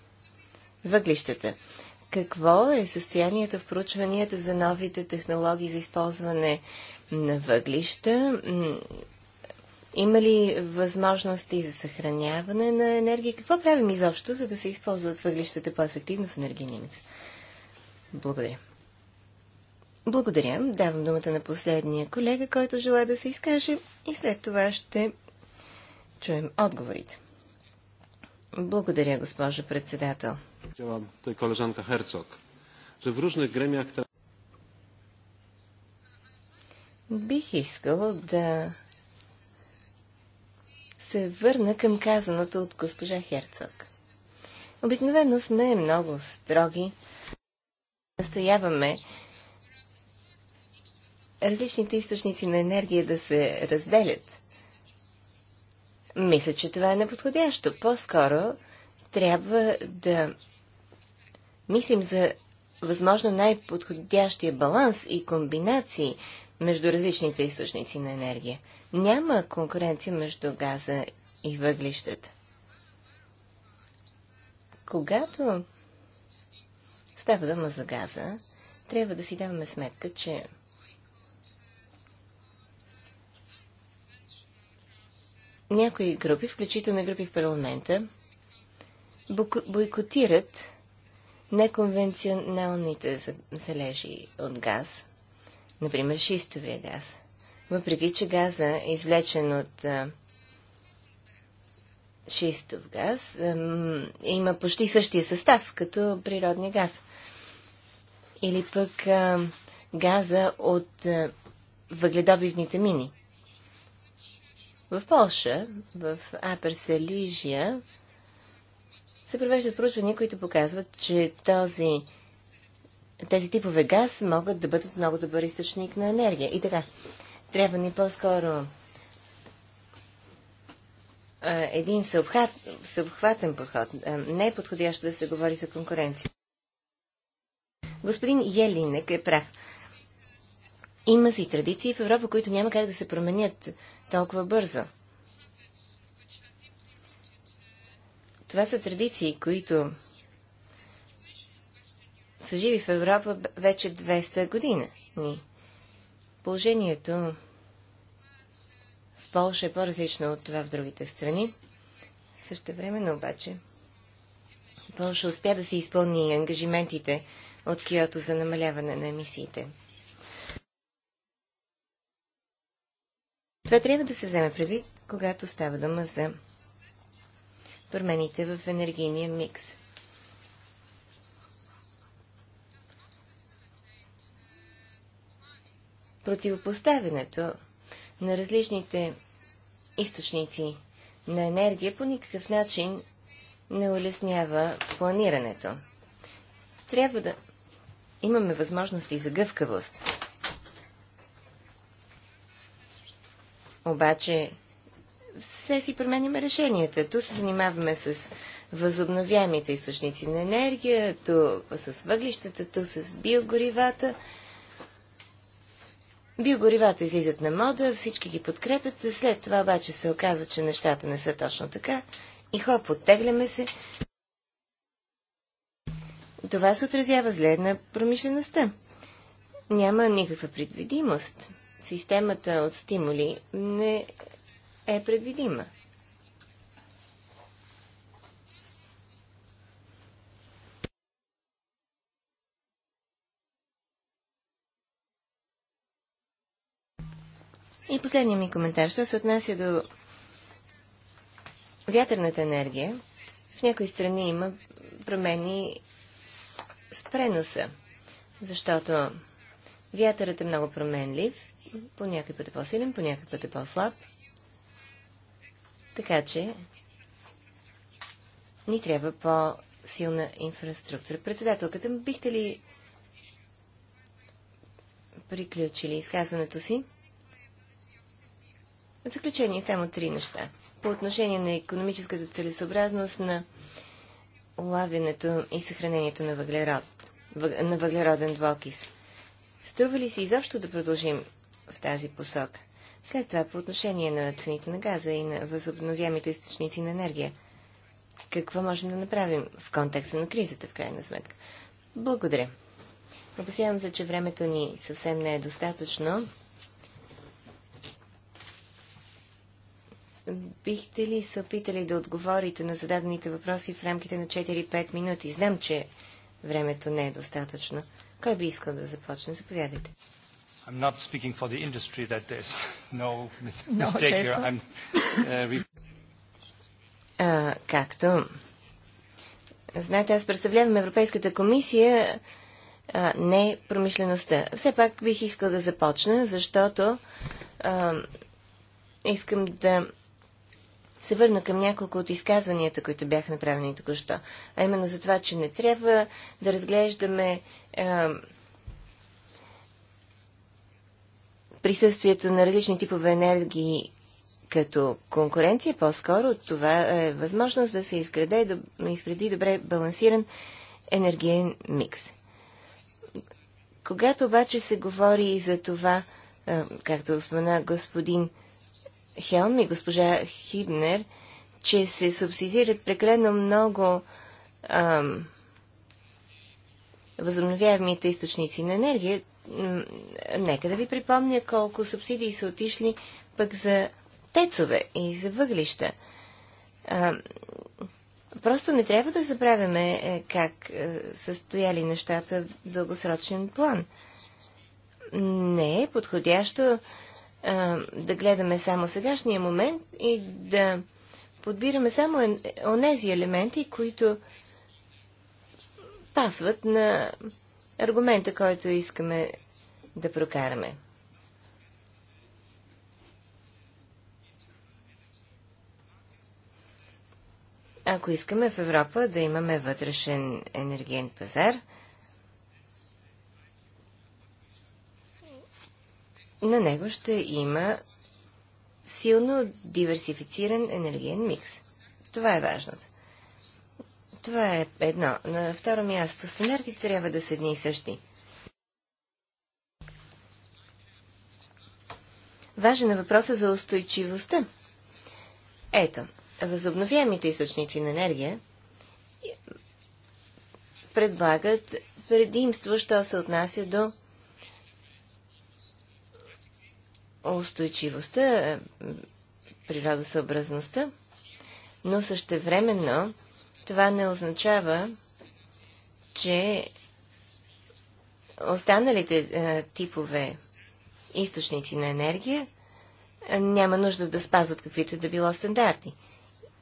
въглищата. Какво е състоянието в проучванията за новите технологии за използване на въглища? Има ли възможности за съхраняване на енергия? Какво правим изобщо, за да се използват въглищата по-ефективно в енергийния микс? Благодаря. Благодаря. Давам думата на последния колега, който желая да се изкаже и след това ще чуем отговорите. Благодаря, госпожа председател. Той колежанка Херцог, че в Бих искал да се върна към казаното от госпожа Херцог. Обикновено сме много строги. Настояваме различните източници на енергия да се разделят, мисля, че това е неподходящо. По-скоро трябва да мислим за възможно най-подходящия баланс и комбинации между различните източници на енергия. Няма конкуренция между газа и въглищата. Когато става дума за газа, трябва да си даваме сметка, че някои групи, включително групи в парламента, бойкотират неконвенционалните залежи от газ, например шистовия газ. Въпреки, че газа е извлечен от шистов газ, има почти същия състав като природния газ. Или пък газа от въгледобивните мини – в Польша, в Аперселижия, се провеждат проучвания, които показват, че този, тези типове газ могат да бъдат много добър източник на енергия. И така, трябва ни по-скоро един съобхватен подход. Не е подходящо да се говори за конкуренция. Господин Елинек е прав. Има си традиции в Европа, които няма как да се променят толкова бързо. Това са традиции, които са живи в Европа вече 200 години Положението в Польша е по-различно от това в другите страни. Също времено обаче Польша успя да се изпълни ангажиментите от Киото за намаляване на емисиите. Това трябва да се вземе предвид, когато става дума за промените в енергийния микс. Противопоставянето на различните източници на енергия по никакъв начин не улеснява планирането. Трябва да имаме възможности за гъвкавост. Обаче все си променяме решенията. Ту се занимаваме с възобновяемите източници на енергия, ту с въглищата, ту с биогоривата. Биогоривата излизат на мода, всички ги подкрепят, след това обаче се оказва, че нещата не са точно така. И хоп, оттегляме се. Това се отразява зле на промишлеността. Няма никаква предвидимост системата от стимули не е предвидима. И последният ми коментар, що се отнася до вятърната енергия, в някои страни има промени с преноса, защото Вятърът е много променлив, по някой път е по-силен, по някой път е по-слаб. Така че ни трябва по-силна инфраструктура. Председателката, бихте ли приключили изказването си? В заключение само три неща. По отношение на економическата целесообразност на лавянето и съхранението на, въглерод, на въглероден двокис. Струва ли си изобщо да продължим в тази посока? След това по отношение на цените на газа и на възобновяемите източници на енергия. Какво можем да направим в контекста на кризата, в крайна сметка? Благодаря. Опасявам се, че времето ни съвсем не е достатъчно. Бихте ли се опитали да отговорите на зададените въпроси в рамките на 4-5 минути? Знам, че времето не е достатъчно. Кой би искал да започне? Заповядайте. I'm not speaking for the industry that there's no mistake here. I'm, uh, а, както. Знаете, аз представлявам Европейската комисия, а, не промишлеността. Все пак бих искал да започна, защото а, искам да се върна към няколко от изказванията, които бяха направени току-що. А именно за това, че не трябва да разглеждаме е, присъствието на различни типове енергии като конкуренция, по-скоро това е възможност да се изгради, изгради добре балансиран енергиен микс. Когато обаче се говори и за това, както спомена господин Хелм и госпожа Хибнер, че се субсидират прекалено много ам, възобновяемите източници на енергия. Нека да ви припомня колко субсидии са отишли пък за тецове и за въглища. А, просто не трябва да забравяме е, как е, са стояли нещата в дългосрочен план. Не е подходящо да гледаме само сегашния момент и да подбираме само онези елементи, които пасват на аргумента, който искаме да прокараме. Ако искаме в Европа да имаме вътрешен енергиен пазар – на него ще има силно диверсифициран енергиен микс. Това е важното. Това е едно. На второ място, стандартите трябва да са едни и същи. Важен е въпроса за устойчивостта. Ето, възобновяемите източници на енергия предлагат предимство, що се отнася до устойчивостта, природосъобразността, но същевременно това не означава, че останалите е, типове източници на енергия е, няма нужда да спазват каквито да било стандарти.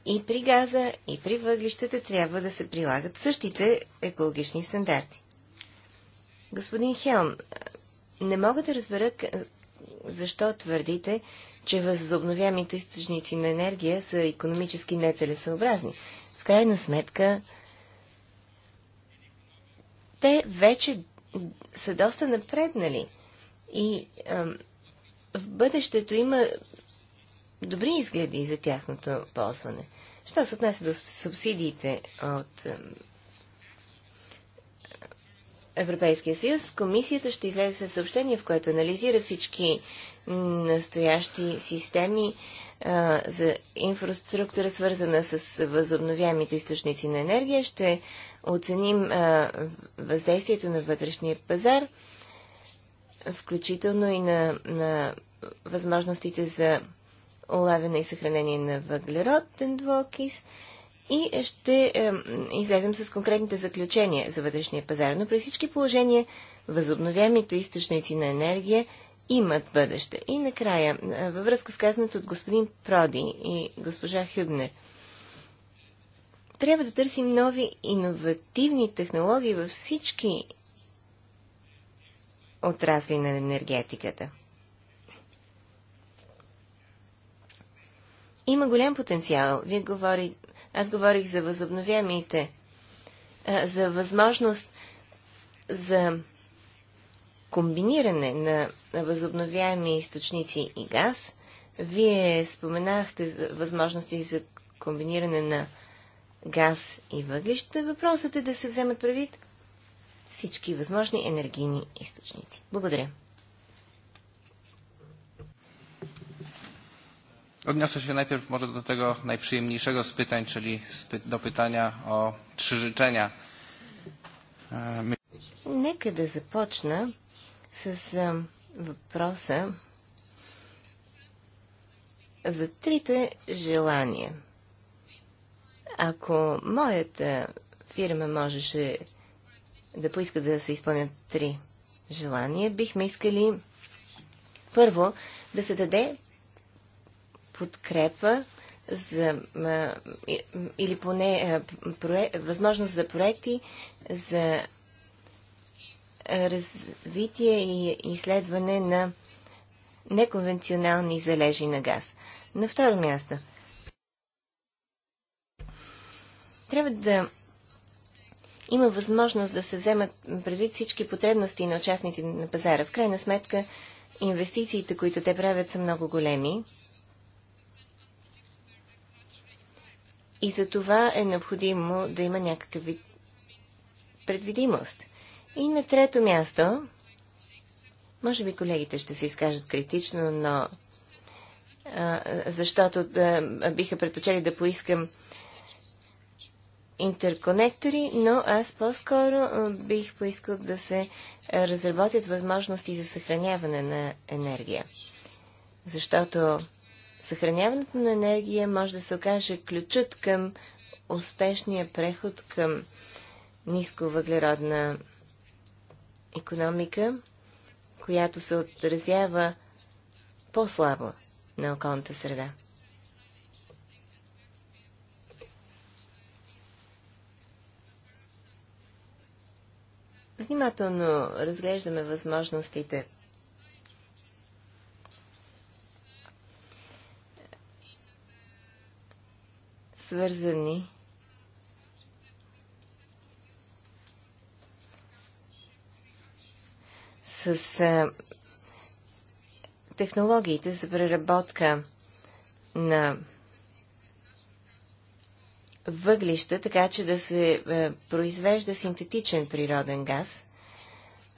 И при газа, и при въглищата трябва да се прилагат същите екологични стандарти. Господин Хелм, не мога да разбера защо твърдите, че възобновяемите източници на енергия са економически нецелесъобразни. В крайна сметка, те вече са доста напреднали и а, в бъдещето има добри изгледи за тяхното ползване. Що се отнася до субсидиите от Европейския съюз, комисията ще излезе със съобщение, в което анализира всички настоящи системи а, за инфраструктура, свързана с възобновяемите източници на енергия. Ще оценим а, въздействието на вътрешния пазар, включително и на, на възможностите за улавяне и съхранение на въглероден двуокис и ще е, излезем с конкретните заключения за вътрешния пазар. Но при всички положения възобновяемите източници на енергия имат бъдеще. И накрая, е, във връзка с казаното от господин Проди и госпожа Хюбнер, трябва да търсим нови иновативни технологии във всички отрасли на енергетиката. Има голям потенциал. Вие говори, аз говорих за възобновяемите, за възможност за комбиниране на възобновяеми източници и газ. Вие споменахте за възможности за комбиниране на газ и въглища. Въпросът е да се вземат предвид всички възможни енергийни източници. Благодаря. Odniosę się najpierw może do tego najprzyjemniejszego z pytań, czyli do pytania o trzy życzenia. E, Нека да започна с е, въпроса за трите желания. Ако моята фирма можеше да поиска да се изпълнят три желания, бихме искали първо да се даде подкрепа за, или поне възможност за проекти за развитие и изследване на неконвенционални залежи на газ. На второ място. Трябва да има възможност да се вземат предвид всички потребности на участниците на пазара. В крайна сметка, инвестициите, които те правят, са много големи И за това е необходимо да има някакъв вид предвидимост. И на трето място, може би колегите ще се изкажат критично, но а, защото да, биха предпочели да поискам интерконектори, но аз по-скоро бих поискал да се разработят възможности за съхраняване на енергия. Защото Съхраняването на енергия може да се окаже ключът към успешния преход към нисковъглеродна економика, която се отразява по-слабо на околната среда. Внимателно разглеждаме възможностите свързани с а, технологиите за преработка на въглища, така че да се а, произвежда синтетичен природен газ.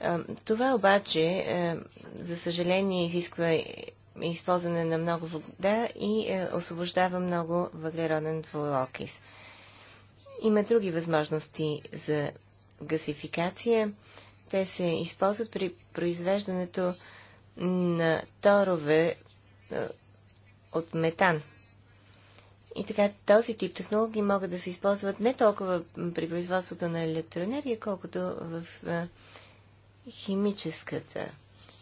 А, това обаче, а, за съжаление, изисква използване на много вода и е, освобождава много въглероден двуокис. Има други възможности за гасификация. Те се използват при произвеждането на торове е, от метан. И така, този тип технологии могат да се използват не толкова при производството на електроенергия, колкото в е, химическата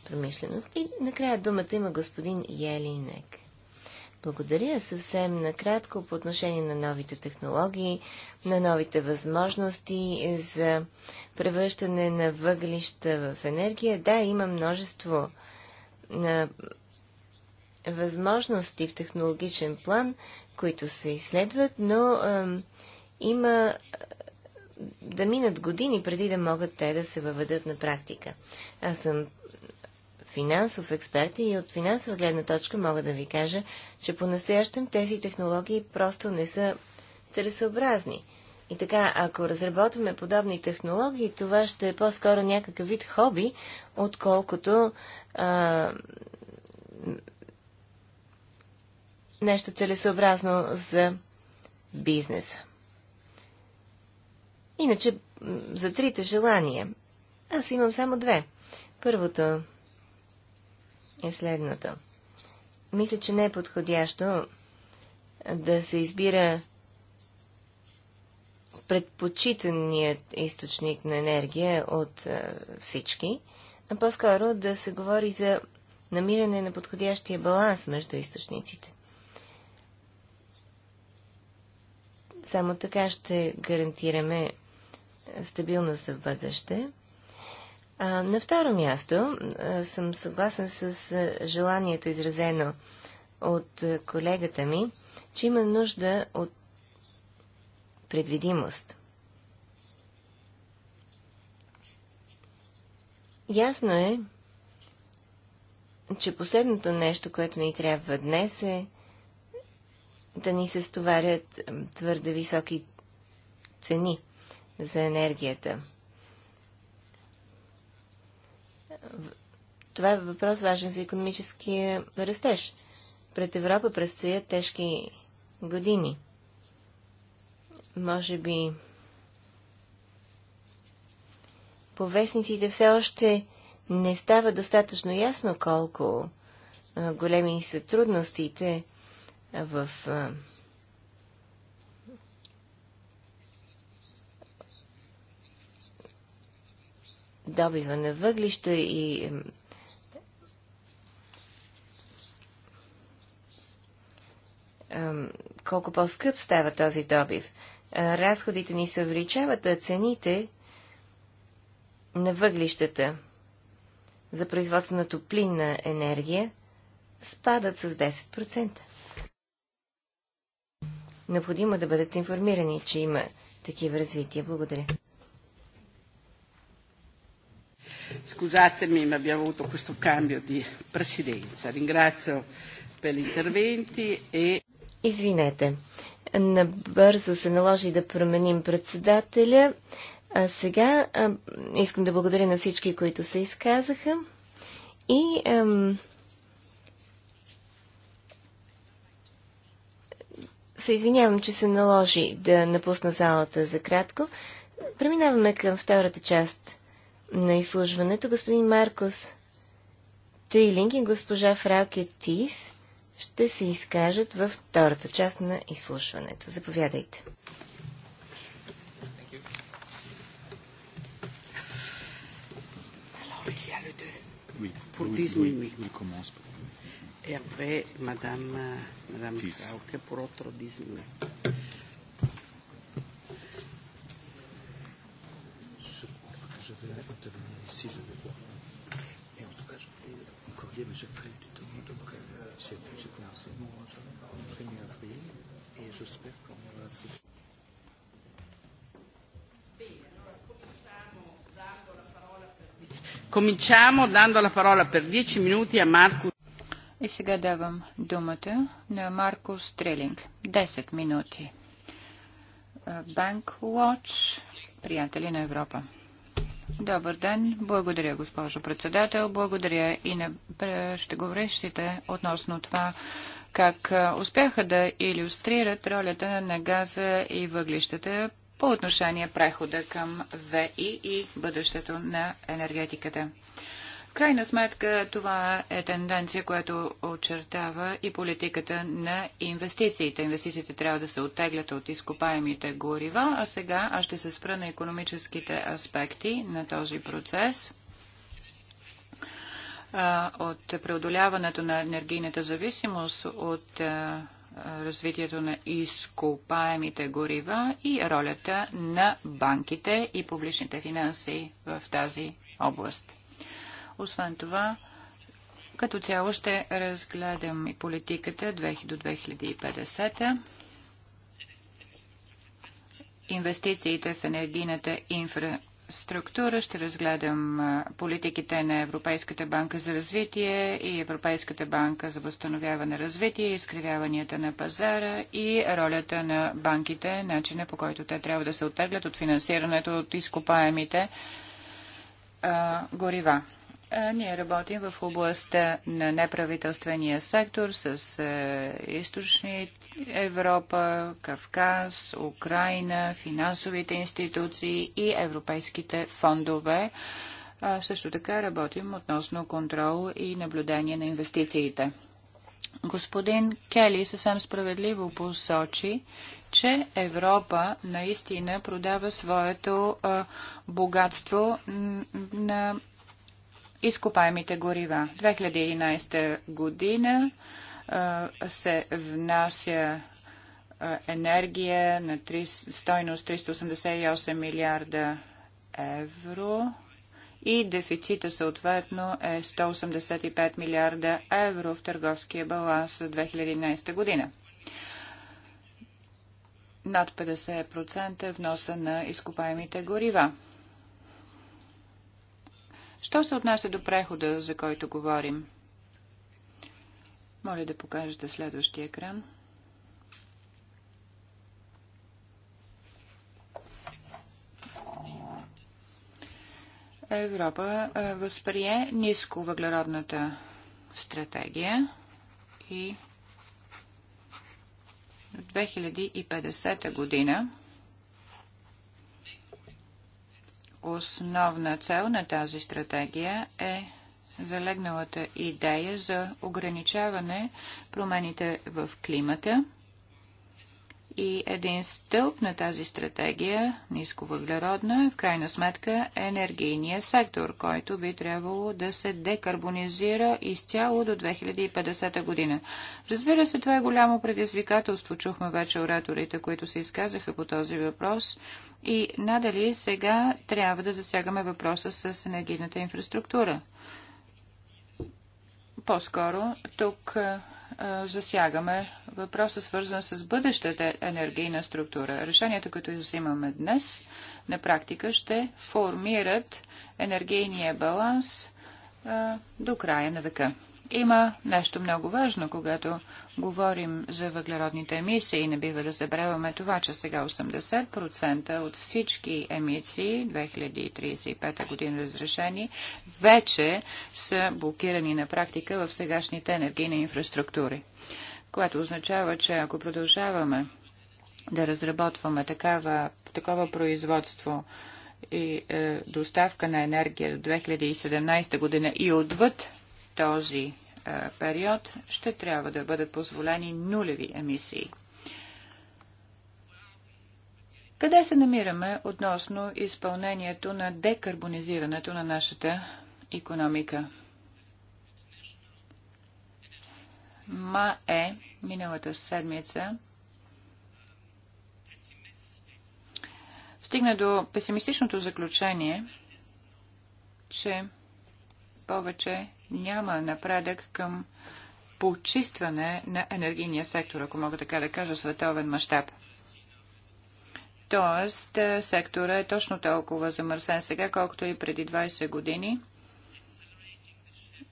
промишленост. И накрая думата има господин Елинек. Благодаря съвсем накратко по отношение на новите технологии, на новите възможности за превръщане на въглища в енергия. Да, има множество на възможности в технологичен план, които се изследват, но а, има да минат години преди да могат те да се въведат на практика. Аз съм финансов експерт и от финансова гледна точка мога да ви кажа, че по-настоящем тези технологии просто не са целесъобразни. И така, ако разработваме подобни технологии, това ще е по-скоро някакъв вид хоби, отколкото а, нещо целесъобразно за бизнеса. Иначе, за трите желания. Аз имам само две. Първото е следното. Мисля, че не е подходящо да се избира предпочитаният източник на енергия от всички, а по-скоро да се говори за намиране на подходящия баланс между източниците. Само така ще гарантираме стабилност в бъдеще на второ място съм съгласна с желанието изразено от колегата ми, че има нужда от предвидимост. Ясно е, че последното нещо, което ни трябва днес е да ни се стоварят твърде високи цени за енергията. това е въпрос важен за економическия растеж. Пред Европа предстоят тежки години. Може би по вестниците все още не става достатъчно ясно колко големи са трудностите в добива на въглища и колко по-скъп става този добив. Разходите ни се увеличават, а цените на въглищата за производство на топлинна енергия спадат с 10%. Необходимо е да бъдете информирани, че има такива развития. Благодаря. Scusatemi ma abbiamo avuto questo cambio di presidenza. Ringrazio per gli interventi e... Извинете, набързо се наложи да променим председателя. А сега а, искам да благодаря на всички, които се изказаха. И ам, се извинявам, че се наложи да напусна залата за кратко. Преминаваме към втората част на изслужването господин Маркос Тейлинг и госпожа Фрауке Тис ще се изкажат във втората част на изслушването. Заповядайте. pour 10 minutes. Et après, Madame, euh, Madame Krauke pour autre 10 minutes. déjà près du temps, donc c'est j'ai commencé mon le 1er avril et j'espère qu'on va se... Cominciamo dando la parola per dieci minuti a Marcus. E сега давам думата на Марко Стрелинг. 10 минути. Банк Лодж, приятели на Европа. Добър ден. Благодаря, госпожо председател. Благодаря и на преждеговорещите относно това, как успяха да иллюстрират ролята на газа и въглищата по отношение прехода към ВИ и бъдещето на енергетиката крайна сметка това е тенденция, която очертава и политиката на инвестициите. Инвестициите трябва да се оттеглят от изкопаемите горива, а сега аз ще се спра на економическите аспекти на този процес от преодоляването на енергийната зависимост от развитието на изкопаемите горива и ролята на банките и публичните финанси в тази област. Освен това, като цяло ще разгледам и политиката до 2050 инвестициите в енергийната инфраструктура. Ще разгледам политиките на Европейската банка за развитие и Европейската банка за възстановяване развитие, изкривяванията на пазара и ролята на банките, начина по който те трябва да се оттеглят от финансирането от изкопаемите горива. Ние работим в областта на неправителствения сектор с източни Европа, Кавказ, Украина, финансовите институции и европейските фондове. Също така работим относно контрол и наблюдение на инвестициите. Господин Кели съвсем справедливо посочи, че Европа наистина продава своето богатство на изкопаемите горива. 2011 година се внася енергия на стойност 388 милиарда евро и дефицита съответно е 185 милиарда евро в търговския баланс за 2011 година. Над 50% е вноса на изкопаемите горива. Що се отнася до прехода, за който говорим? Моля да покажете следващия екран. Европа е, възприе ниско въглеродната стратегия и 2050 година основна цел на тази стратегия е залегналата идея за ограничаване промените в климата и един стълб на тази стратегия, нисковъглеродна, в крайна сметка е енергийния сектор, който би трябвало да се декарбонизира изцяло до 2050 година. Разбира се, това е голямо предизвикателство. Чухме вече ораторите, които се изказаха по този въпрос и надали сега трябва да засягаме въпроса с енергийната инфраструктура. По-скоро тук засягаме въпроса, свързан с бъдещата енергийна структура. Решенията, които взимаме днес, на практика ще формират енергийния баланс до края на века. Има нещо много важно, когато говорим за въглеродните емисии, не бива да забравяме това, че сега 80% от всички емисии 2035 година разрешени вече са блокирани на практика в сегашните енергийни инфраструктури, което означава, че ако продължаваме да разработваме такава, такова производство, и е, доставка на енергия до 2017 година и отвъд този период ще трябва да бъдат позволени нулеви емисии. Къде се намираме относно изпълнението на декарбонизирането на нашата економика? Ма е миналата седмица стигна до песимистичното заключение, че повече няма напредък към почистване на енергийния сектор, ако мога така да кажа, световен мащаб. Тоест, е, сектора е точно толкова замърсен сега, колкото и преди 20 години.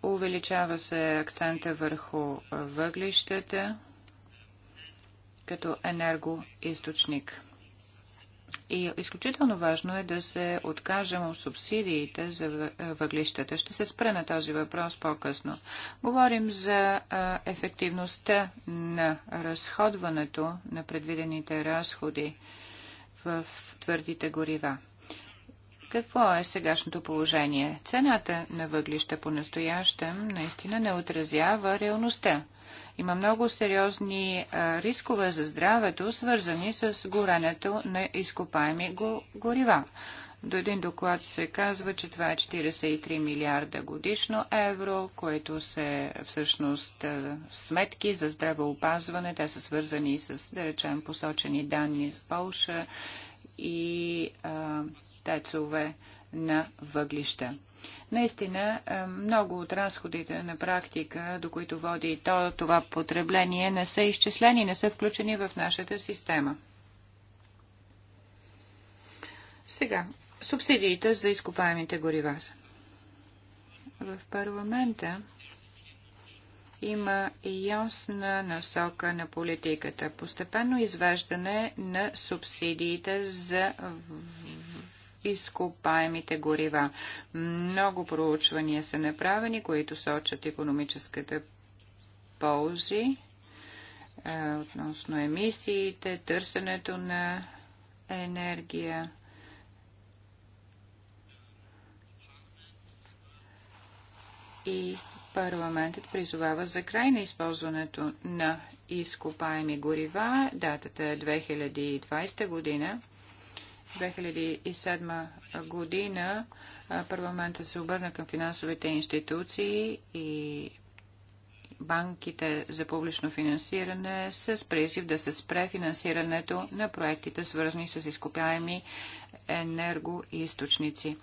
Увеличава се акцента върху въглищата като енергоисточник. И изключително важно е да се откажем от субсидиите за е, въглищата. Ще се спра на този въпрос по-късно. Говорим за е, ефективността на разходването на предвидените разходи в твърдите горива. Какво е сегашното положение? Цената на въглища по-настоящем наистина не отразява реалността. Има много сериозни рискове за здравето, свързани с горенето на изкопаеми горива. До един доклад се казва, че това е 43 милиарда годишно евро, което се всъщност сметки за здравеопазване. Те са свързани с, да речем, посочени данни в Полша и а, тецове на въглища. Наистина, много от разходите на практика, до които води то, това потребление, не са изчислени, не са включени в нашата система. Сега, субсидиите за изкопаемите горива. В парламента има ясна насока на политиката. Постепенно извеждане на субсидиите за изкопаемите горива. Много проучвания са направени, които сочат економическите ползи е, относно емисиите, търсенето на енергия. И Парламентът призовава за край на използването на изкопаеми горива. Датата е 2020 година. 2007 година парламента се обърна към финансовите институции и банките за публично финансиране с призив да се спре финансирането на проектите, свързани с изкопяеми енергоисточници.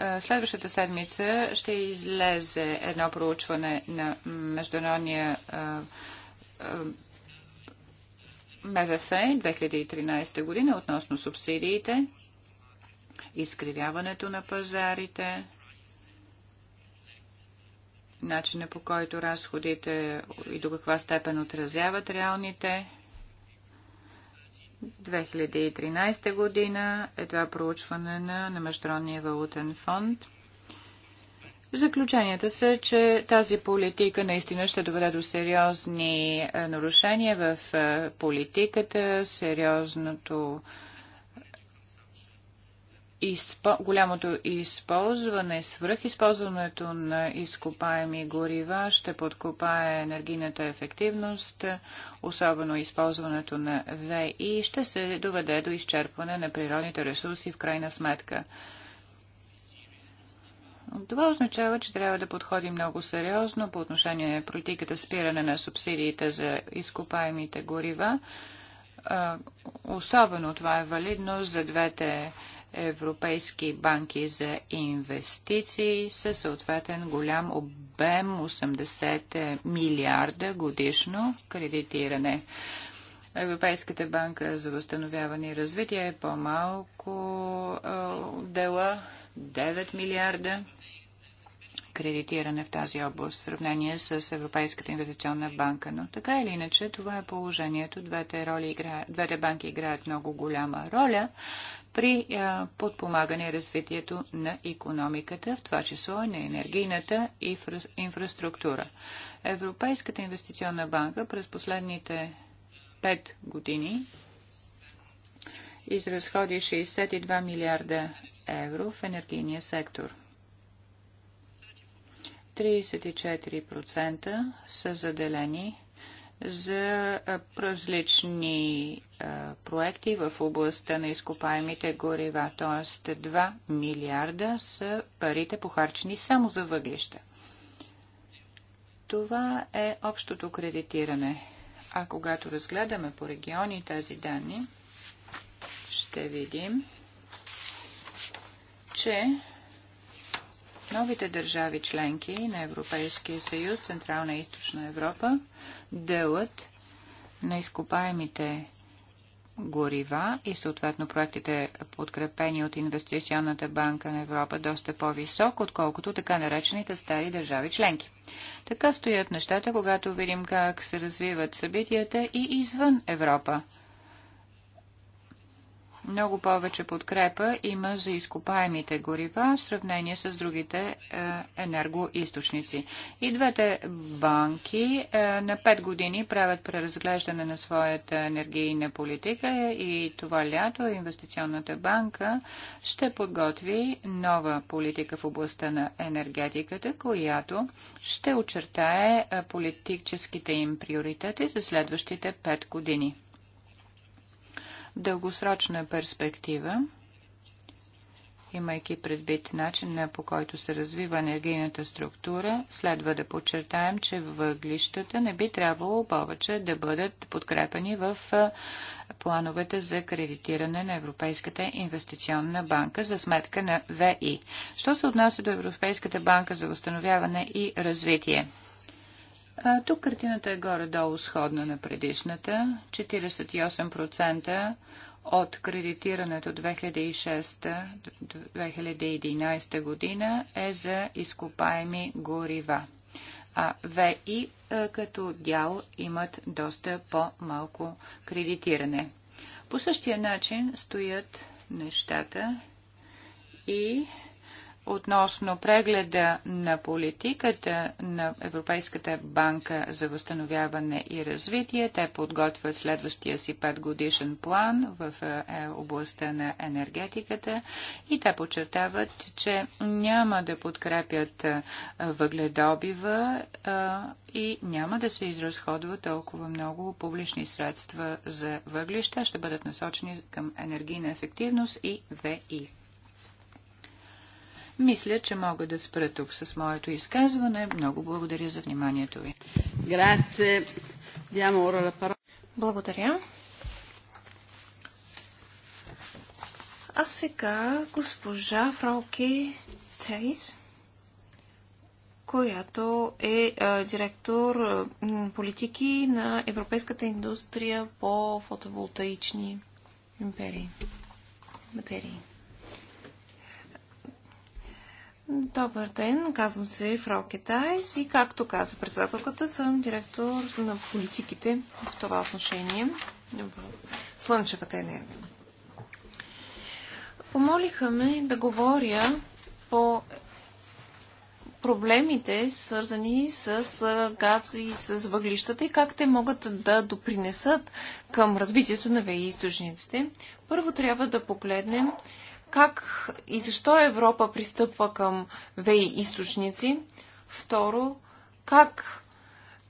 Е, следващата седмица ще излезе едно проучване на Международния е, е, МВФ 2013 година относно субсидиите, изкривяването на пазарите, начина по който разходите и до каква степен отразяват реалните 2013 година е това проучване на, на Международния валутен фонд. Заключенията са, че тази политика наистина ще доведе до сериозни е, нарушения в е, политиката, сериозното голямото използване, свръхизползването на изкопаеми горива ще подкопае енергийната ефективност, особено използването на ВИ и ще се доведе до изчерпване на природните ресурси в крайна сметка. Това означава, че трябва да подходим много сериозно по отношение на политиката спиране на субсидиите за изкопаемите горива. Особено това е валидно за двете европейски банки за инвестиции със съответен голям обем 80 милиарда годишно кредитиране. Европейската банка за възстановяване и развитие е по-малко дела 9 милиарда кредитиране в тази област в сравнение с Европейската инвестиционна банка. Но така или иначе, това е положението. Двете, роли игра... Двете банки играят много голяма роля при подпомагане развитието на економиката, в това число и на енергийната и инфраструктура. Европейската инвестиционна банка през последните 5 години изразходи 62 милиарда евро в енергийния сектор. 34% са заделени за различни проекти в областта на изкопаемите горива, т.е. 2 милиарда са парите похарчени само за въглища. Това е общото кредитиране. А когато разгледаме по региони тези данни, ще видим, че новите държави членки на Европейския съюз, Централна и Източна Европа, делът на изкопаемите горива и съответно проектите подкрепени от Инвестиционната банка на Европа доста по-висок, отколкото така наречените стари държави членки. Така стоят нещата, когато видим как се развиват събитията и извън Европа много повече подкрепа има за изкопаемите горива в сравнение с другите е, енергоисточници. И двете банки е, на 5 години правят преразглеждане на своята енергийна политика и това лято инвестиционната банка ще подготви нова политика в областта на енергетиката, която ще очертае е, политическите им приоритети за следващите 5 години дългосрочна перспектива, имайки предвид начина по който се развива енергийната структура, следва да подчертаем, че въглищата не би трябвало повече да бъдат подкрепени в плановете за кредитиране на Европейската инвестиционна банка за сметка на ВИ. Що се отнася до Европейската банка за възстановяване и развитие? А, тук картината е горе-долу сходна на предишната. 48% от кредитирането 2006-2011 година е за изкопаеми горива. А ВИ като дял имат доста по-малко кредитиране. По същия начин стоят нещата и относно прегледа на политиката на Европейската банка за възстановяване и развитие. Те подготвят следващия си петгодишен план в е, областта на енергетиката и те подчертават, че няма да подкрепят е, въгледобива е, и няма да се изразходва толкова много публични средства за въглища. Ще бъдат насочени към енергийна ефективност и ВИ. Мисля, че мога да спра тук с моето изказване. Много благодаря за вниманието ви. Благодаря. А сега госпожа Фролки Тейс, която е а, директор а, политики на Европейската индустрия по фотоволтаични империи. Материи. Добър ден, казвам се Фрау Китайс и както каза председателката, съм директор на политиките в това отношение в слънчевата енергия. Помолиха ме да говоря по проблемите, свързани с газ и с въглищата и как те могат да допринесат към развитието на ВИИ източниците. Първо трябва да погледнем как и защо Европа пристъпва към ВЕИ източници. Второ, как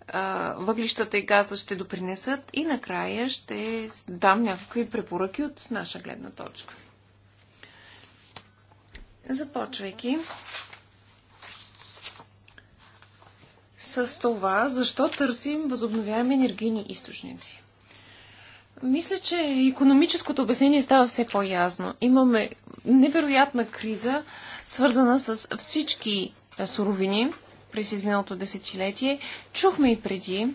а, въглищата и газа ще допринесат. И накрая ще дам някакви препоръки от наша гледна точка. Започвайки с това, защо търсим възобновяеми енергийни източници. Мисля, че економическото обяснение става все по-ясно. Имаме невероятна криза, свързана с всички суровини през изминалото десетилетие. Чухме и преди.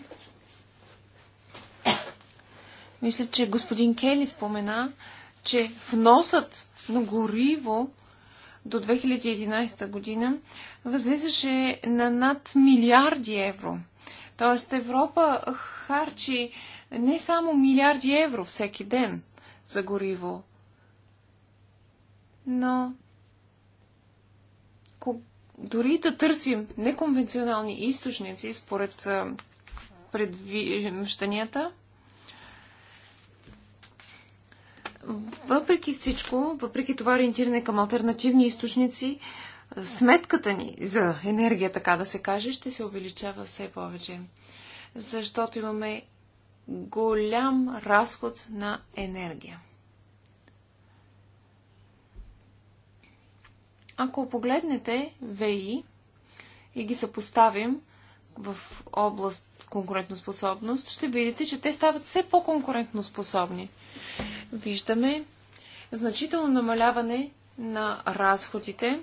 Мисля, че господин Кели спомена, че вносът на гориво до 2011 година възлизаше на над милиарди евро. Тоест Европа харчи не само милиарди евро всеки ден за гориво, но дори да търсим неконвенционални източници според предвижданията, въпреки всичко, въпреки това ориентиране към альтернативни източници, сметката ни за енергия, така да се каже, ще се увеличава все повече. Защото имаме голям разход на енергия. Ако погледнете ВИ и ги съпоставим в област конкурентоспособност, ще видите, че те стават все по-конкурентоспособни. Виждаме значително намаляване на разходите.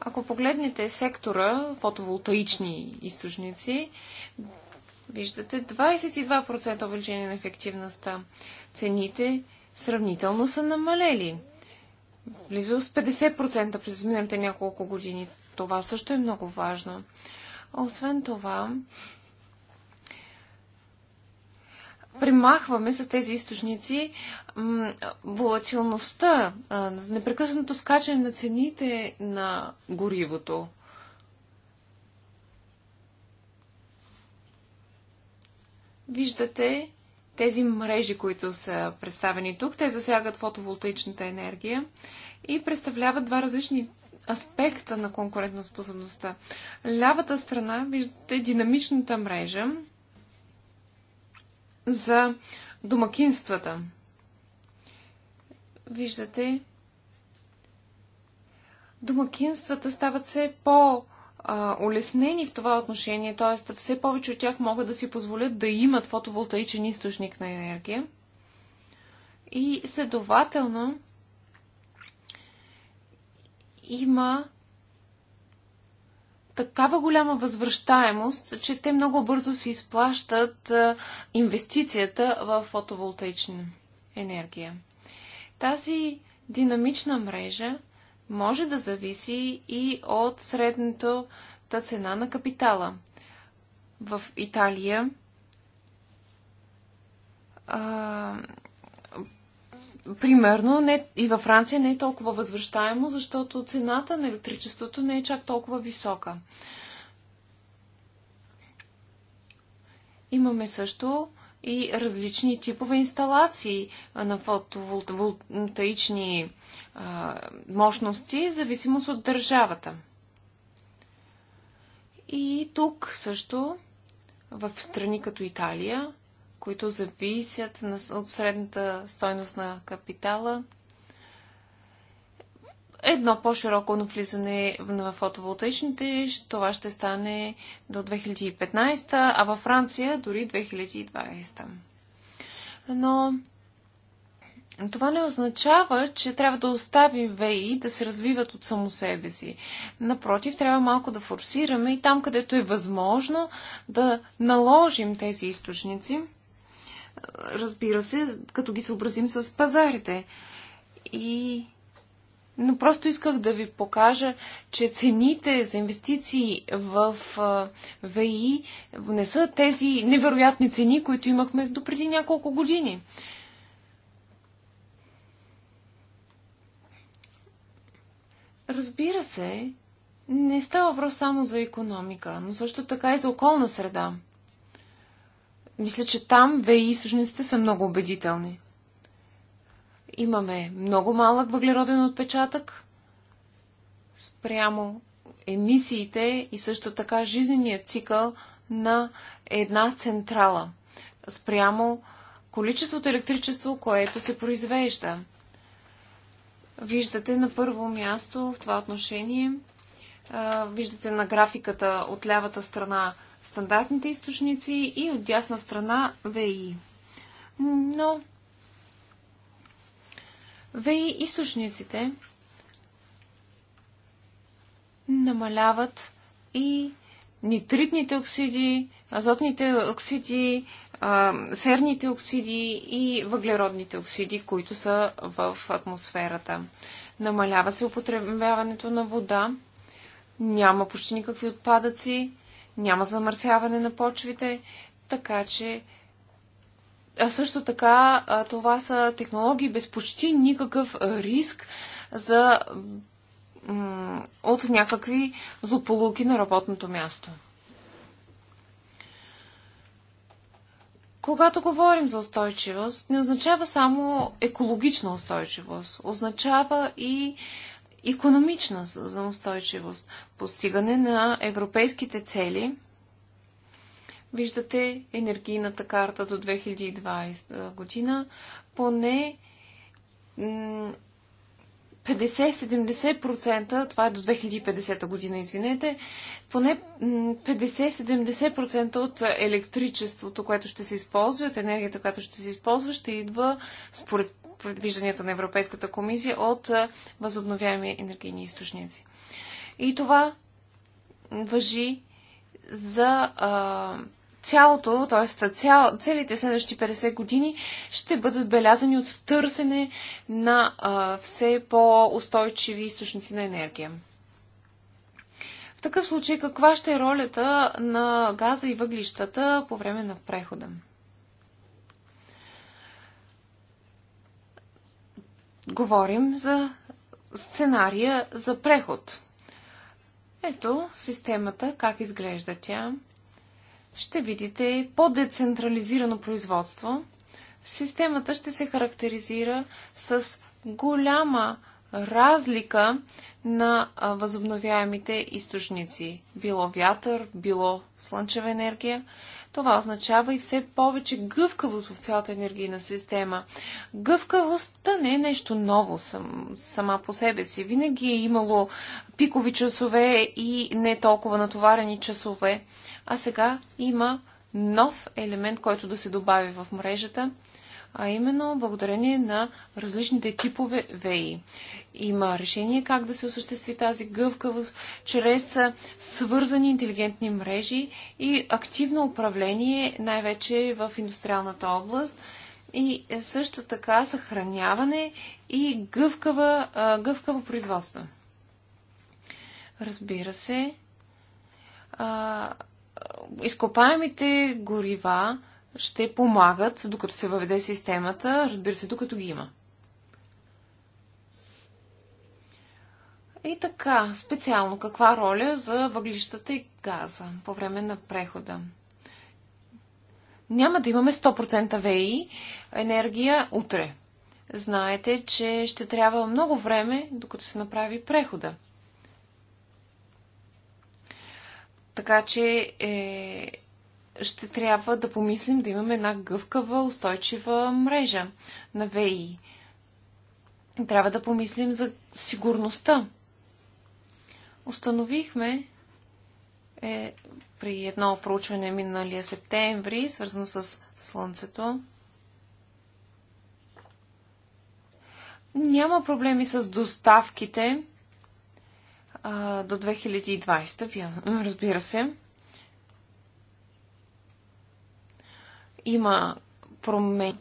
Ако погледнете сектора фотоволтаични източници, Виждате 22% увеличение на ефективността. Цените сравнително са намалели. Близо с 50% през изминалите няколко години. Това също е много важно. Освен това, примахваме с тези източници волатилността, непрекъснато скачане на цените на горивото. Виждате тези мрежи, които са представени тук. Те засягат фотоволтаичната енергия и представляват два различни аспекта на конкурентоспособността. Лявата страна виждате динамичната мрежа за домакинствата. Виждате, домакинствата стават все по- а, улеснени в това отношение, т.е. все повече от тях могат да си позволят да имат фотоволтаичен източник на енергия. И следователно има такава голяма възвръщаемост, че те много бързо се изплащат инвестицията в фотоволтаична енергия. Тази динамична мрежа може да зависи и от средната цена на капитала. В Италия а, примерно не, и във Франция не е толкова възвръщаемо, защото цената на електричеството не е чак толкова висока. Имаме също и различни типове инсталации на фотоволтаични мощности, в зависимост от държавата. И тук също в страни като Италия, които зависят от средната стойност на капитала, едно по-широко навлизане на фотоволтаичните. Това ще стане до 2015, а във Франция дори 2020. Но това не означава, че трябва да оставим ВИ да се развиват от само себе си. Напротив, трябва малко да форсираме и там, където е възможно, да наложим тези източници. Разбира се, като ги съобразим с пазарите. И но просто исках да ви покажа, че цените за инвестиции в ВИ не са тези невероятни цени, които имахме до преди няколко години. Разбира се, не става въпрос само за економика, но също така и за околна среда. Мисля, че там ВИ същниците са много убедителни имаме много малък въглероден отпечатък спрямо емисиите и също така жизненият цикъл на една централа спрямо количеството електричество, което се произвежда. Виждате на първо място в това отношение, виждате на графиката от лявата страна стандартните източници и от дясна страна ВИ. Но ВИ източниците намаляват и нитритните оксиди, азотните оксиди, серните оксиди и въглеродните оксиди, които са в атмосферата. Намалява се употребяването на вода, няма почти никакви отпадъци, няма замърсяване на почвите, така че а също така това са технологии без почти никакъв риск за, от някакви злополуки на работното място. Когато говорим за устойчивост, не означава само екологична устойчивост, означава и економична устойчивост, постигане на европейските цели – Виждате енергийната карта до 2020 година. Поне 50-70%, това е до 2050 година, извинете, поне 50-70% от електричеството, което ще се използва, от енергията, която ще се използва, ще идва според предвижданията на Европейската комисия от възобновяеми енергийни източници. И това въжи за а, цялото, т.е. Цял, целите следващи 50 години ще бъдат белязани от търсене на а, все по-устойчиви източници на енергия. В такъв случай, каква ще е ролята на газа и въглищата по време на прехода? Говорим за сценария за преход. Ето системата, как изглежда тя ще видите по-децентрализирано производство. Системата ще се характеризира с голяма разлика на възобновяемите източници. Било вятър, било слънчева енергия. Това означава и все повече гъвкавост в цялата енергийна система. Гъвкавостта не е нещо ново сам, сама по себе си. Винаги е имало пикови часове и не толкова натоварени часове. А сега има нов елемент, който да се добави в мрежата – а именно благодарение на различните типове ВЕИ. Има решение как да се осъществи тази гъвкавост чрез свързани интелигентни мрежи и активно управление, най-вече в индустриалната област и е, също така съхраняване и гъвкава, гъвкаво производство. Разбира се, изкопаемите горива ще помагат, докато се въведе системата, разбира се, докато ги има. И така, специално каква роля за въглищата и газа по време на прехода? Няма да имаме 100% ВИ енергия утре. Знаете, че ще трябва много време, докато се направи прехода. Така че е, ще трябва да помислим да имаме една гъвкава, устойчива мрежа на ВИ. Трябва да помислим за сигурността. Установихме е, при едно проучване миналия септември, свързано с Слънцето, няма проблеми с доставките а, до 2020, разбира се. има промени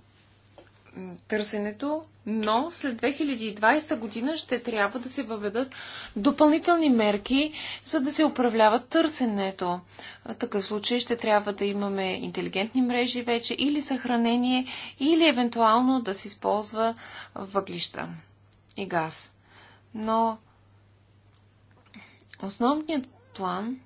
търсенето, но след 2020 година ще трябва да се въведат допълнителни мерки, за да се управлява търсенето. В такъв случай ще трябва да имаме интелигентни мрежи вече или съхранение, или евентуално да се използва въглища и газ. Но основният план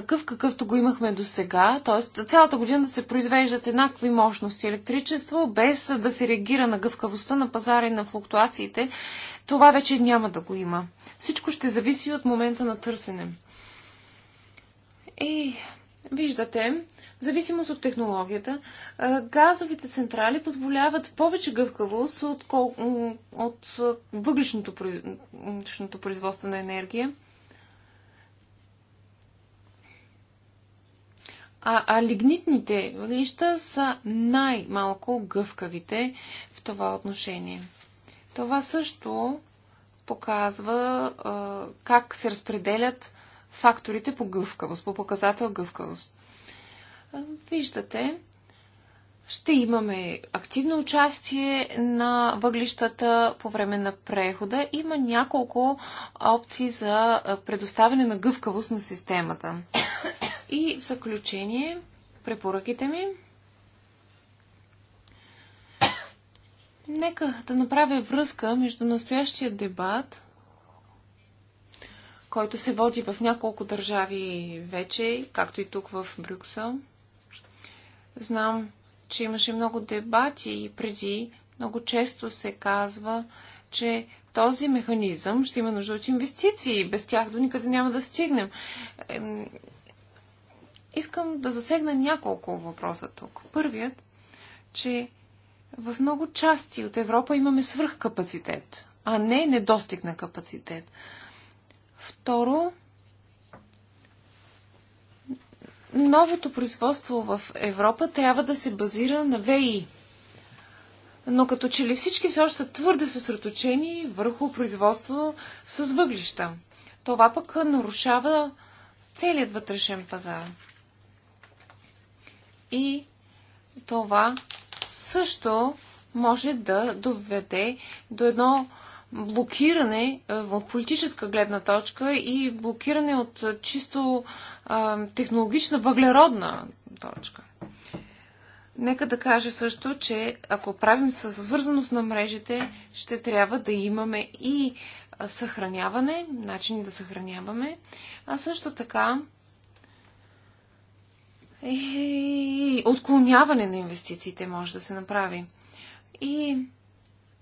такъв какъвто го имахме до сега, т.е. цялата година да се произвеждат еднакви мощности електричество, без да се реагира на гъвкавостта на пазара и на флуктуациите, това вече няма да го има. Всичко ще зависи от момента на търсене. И виждате, в зависимост от технологията, газовите централи позволяват повече гъвкавост от, от въглишното производство на енергия – А, а лигнитните въглища са най-малко гъвкавите в това отношение. Това също показва а, как се разпределят факторите по гъвкавост, по показател гъвкавост. Виждате, ще имаме активно участие на въглищата по време на прехода. Има няколко опции за предоставяне на гъвкавост на системата. И в заключение, препоръките ми. Нека да направя връзка между настоящия дебат, който се води в няколко държави вече, както и тук в Брюксел. Знам, че имаше много дебати и преди много често се казва, че този механизъм ще има нужда от инвестиции. Без тях до никъде няма да стигнем. Искам да засегна няколко въпроса тук. Първият, че в много части от Европа имаме свръхкапацитет, а не недостиг на капацитет. Второ, новото производство в Европа трябва да се базира на ВИ. Но като че ли всички все още са твърде съсредоточени върху производство с въглища. Това пък нарушава целият вътрешен пазар. И това също може да доведе до едно блокиране е, от политическа гледна точка и блокиране от чисто а, технологична въглеродна точка. Нека да кажа също, че ако правим със свързаност на мрежите, ще трябва да имаме и съхраняване, начини да съхраняваме, а също така и отклоняване на инвестициите може да се направи. И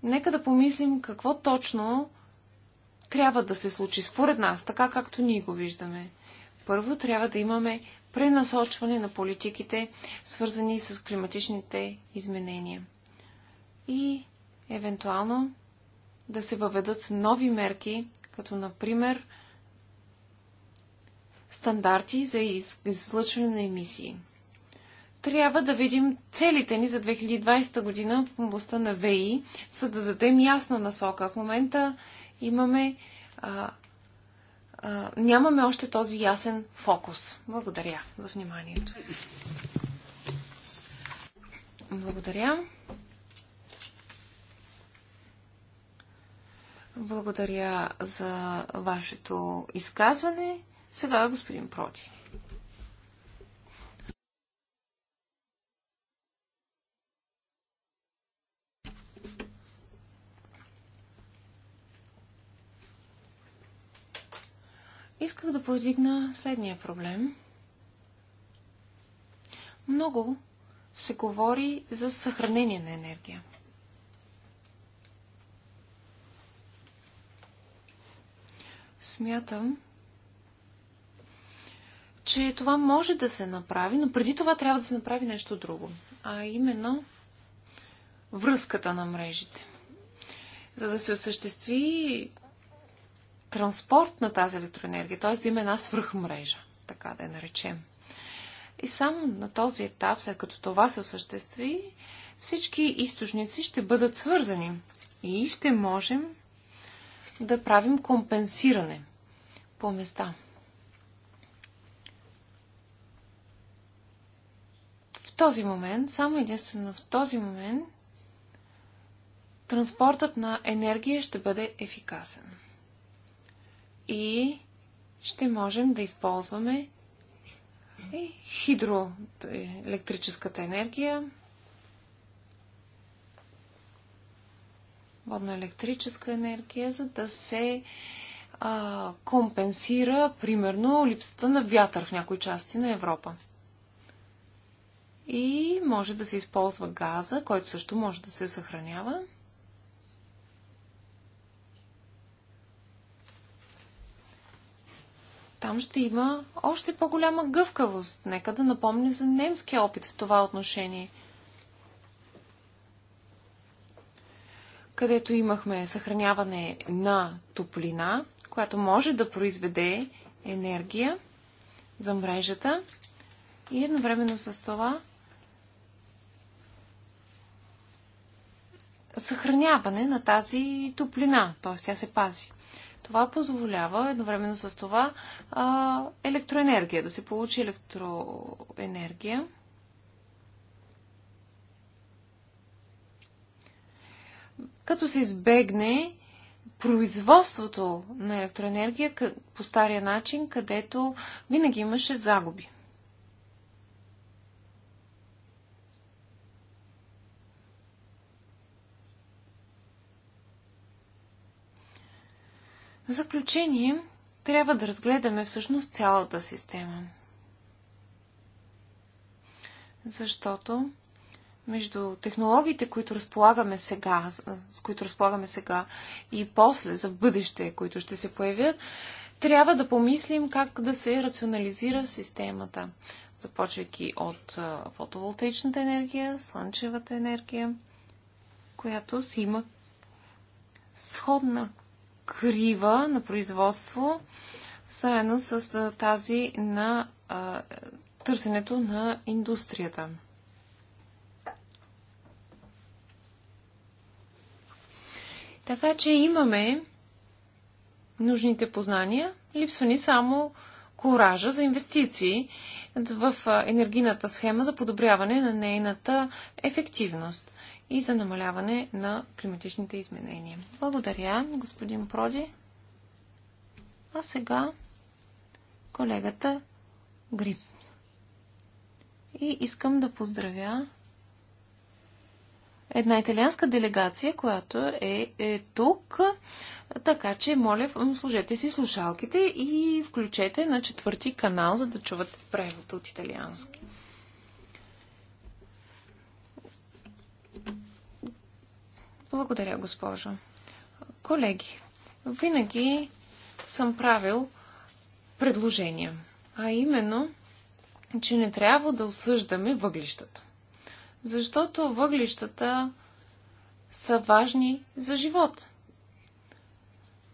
нека да помислим какво точно трябва да се случи според нас, така както ние го виждаме. Първо трябва да имаме пренасочване на политиките, свързани с климатичните изменения. И евентуално да се въведат нови мерки, като например стандарти за излъчване на емисии трябва да видим целите ни за 2020 година в областта на ВИ, за да дадем ясна насока. В момента имаме. А, а, нямаме още този ясен фокус. Благодаря за вниманието. Благодаря. Благодаря за вашето изказване. Сега господин Проти. исках да повдигна следния проблем. Много се говори за съхранение на енергия. Смятам, че това може да се направи, но преди това трябва да се направи нещо друго, а именно връзката на мрежите. За да се осъществи транспорт на тази електроенергия, т.е. да има една свръхмрежа, така да я наречем. И само на този етап, след като това се осъществи, всички източници ще бъдат свързани и ще можем да правим компенсиране по места. В този момент, само единствено в този момент, транспортът на енергия ще бъде ефикасен и ще можем да използваме хидроелектрическата енергия, водноелектрическа енергия, за да се а, компенсира, примерно, липсата на вятър в някои части на Европа. И може да се използва газа, който също може да се съхранява. Там ще има още по-голяма гъвкавост. Нека да напомня за немския опит в това отношение. Където имахме съхраняване на топлина, която може да произведе енергия за мрежата и едновременно с това съхраняване на тази топлина, т.е. тя се пази. Това позволява едновременно с това а, електроенергия, да се получи електроенергия. Като се избегне производството на електроенергия по стария начин, където винаги имаше загуби. В заключение, трябва да разгледаме всъщност цялата система. Защото между технологиите, които разполагаме сега, с които разполагаме сега и после за бъдеще, които ще се появят, трябва да помислим как да се рационализира системата, започвайки от фотоволтаичната енергия, слънчевата енергия, която си има сходна крива на производство, заедно с тази на а, търсенето на индустрията. Така че имаме нужните познания, липсва ни само коража за инвестиции в енергийната схема за подобряване на нейната ефективност и за намаляване на климатичните изменения. Благодаря, господин Проди. А сега колегата Грип. И искам да поздравя една италианска делегация, която е, е тук. Така че, моля, служете си слушалките и включете на четвърти канал, за да чувате превод от италиански. Благодаря, госпожо. Колеги, винаги съм правил предложения, а именно, че не трябва да осъждаме въглищата. Защото въглищата са важни за живот.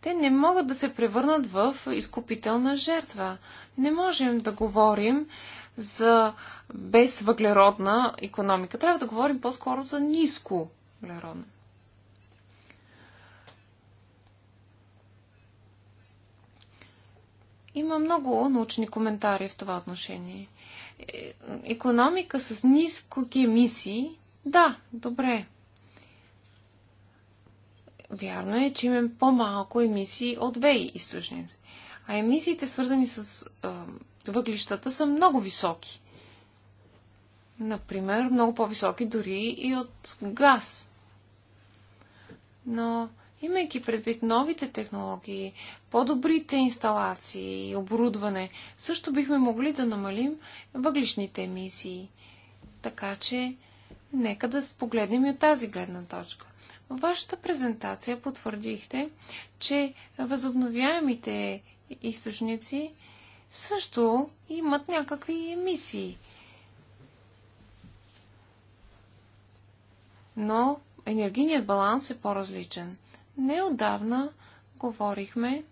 Те не могат да се превърнат в изкупителна жертва. Не можем да говорим за безвъглеродна економика. Трябва да говорим по-скоро за ниско Има много научни коментари в това отношение. Е, економика с ниски емисии, да, добре. Вярно е, че имаме по-малко емисии от ВЕИ източници. А емисиите, свързани с е, въглищата, са много високи. Например, много по-високи дори и от газ. Но, имайки предвид новите технологии, по-добрите инсталации и оборудване, също бихме могли да намалим въглишните емисии. Така че, нека да погледнем и от тази гледна точка. В вашата презентация потвърдихте, че възобновяемите източници също имат някакви емисии. Но енергийният баланс е по-различен. Неодавна говорихме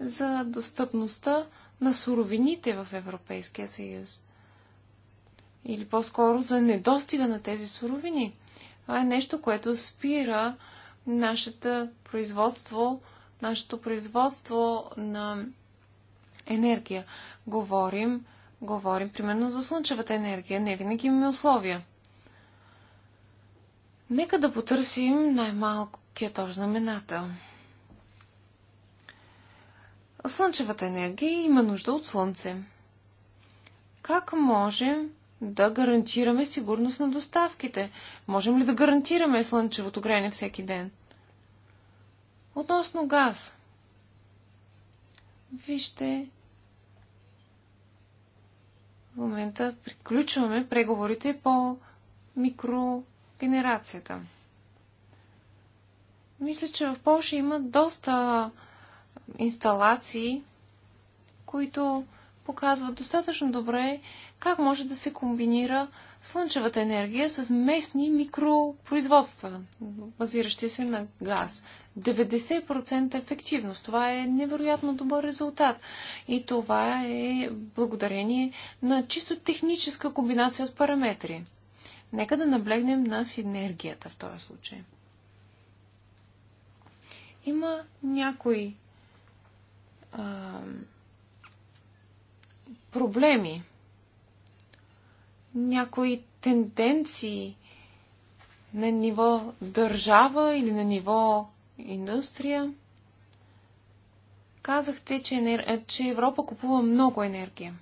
за достъпността на суровините в Европейския съюз. Или по-скоро за недостига на тези суровини. Това е нещо, което спира нашето производство, нашето производство на енергия. Говорим, говорим примерно за слънчевата енергия. Не винаги имаме условия. Нека да потърсим най-малкият общ знаменател – слънчевата енергия има нужда от слънце. Как можем да гарантираме сигурност на доставките? Можем ли да гарантираме слънчевото грене всеки ден? Относно газ. Вижте, в момента приключваме преговорите по микрогенерацията. Мисля, че в Польша има доста инсталации, които показват достатъчно добре как може да се комбинира слънчевата енергия с местни микропроизводства, базиращи се на газ. 90% ефективност. Това е невероятно добър резултат. И това е благодарение на чисто техническа комбинация от параметри. Нека да наблегнем на синергията в този случай. Има някои а, проблеми, някои тенденции на ниво държава или на ниво индустрия. Казахте, че, енер... че Европа купува много енергия.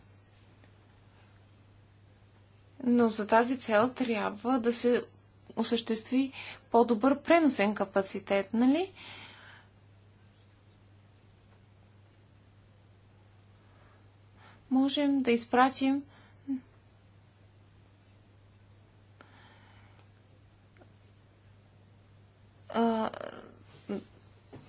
Но за тази цел трябва да се осъществи по-добър преносен капацитет, нали? можем да изпратим а,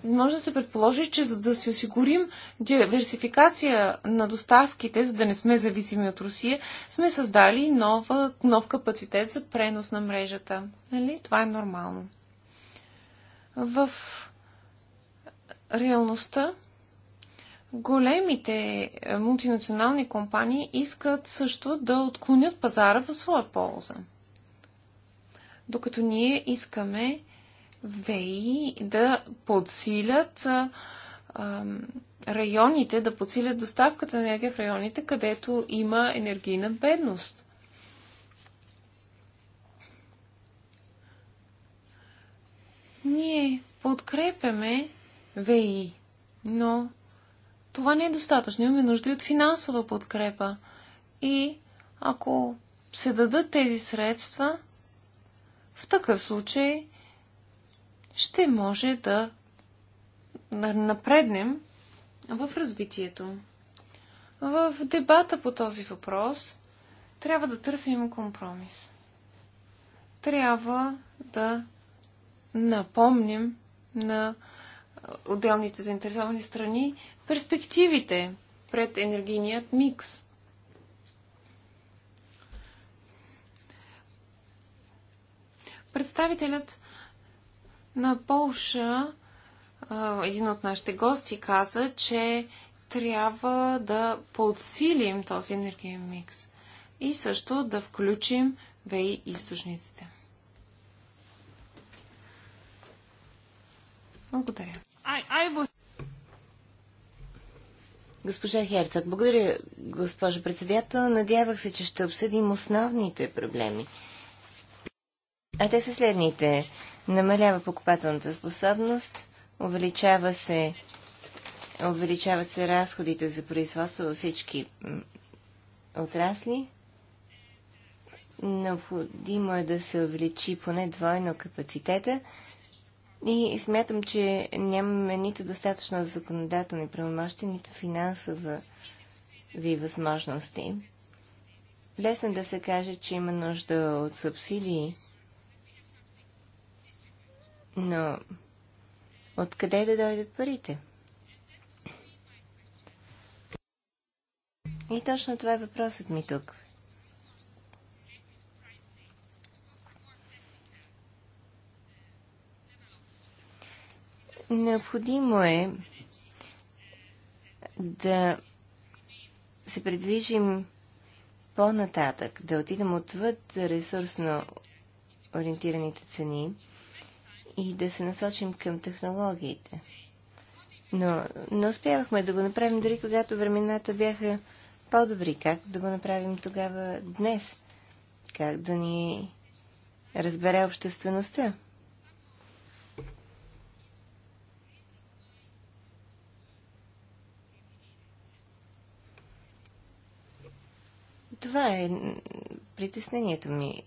може да се предположи, че за да си осигурим диверсификация на доставките, за да не сме зависими от Русия, сме създали нова, нов капацитет за пренос на мрежата. Нали? Това е нормално. В реалността големите е, мултинационални компании искат също да отклонят пазара в своя полза. Докато ние искаме ВЕИ да подсилят е, а, районите, да подсилят доставката на енергия в районите, където има енергийна бедност. Ние подкрепяме ВИ, но това не е достатъчно. Имаме нужда и от финансова подкрепа. И ако се дадат тези средства, в такъв случай ще може да напреднем в развитието. В дебата по този въпрос трябва да търсим компромис. Трябва да напомним на отделните заинтересовани страни перспективите пред енергийният микс. Представителят на Полша, един от нашите гости, каза, че трябва да подсилим този енергиен микс и също да включим ВЕИ източниците. Благодаря. I, I Госпожа Херцог, благодаря, госпожа председател. Надявах се, че ще обсъдим основните проблеми. А те са следните. Намалява покупателната способност, увеличава се, увеличават се разходите за производство във всички отрасли. Необходимо е да се увеличи поне двойно капацитета – и смятам, че нямаме нито достатъчно законодателни правомощи, нито финансова ви възможности. Лесно да се каже, че има нужда от субсидии, но откъде да дойдат парите? И точно това е въпросът ми тук. Необходимо е да се предвижим по-нататък, да отидем отвъд ресурсно ориентираните цени и да се насочим към технологиите. Но не успявахме да го направим дори когато времената бяха по-добри. Как да го направим тогава днес? Как да ни разбере обществеността? Това е притеснението ми.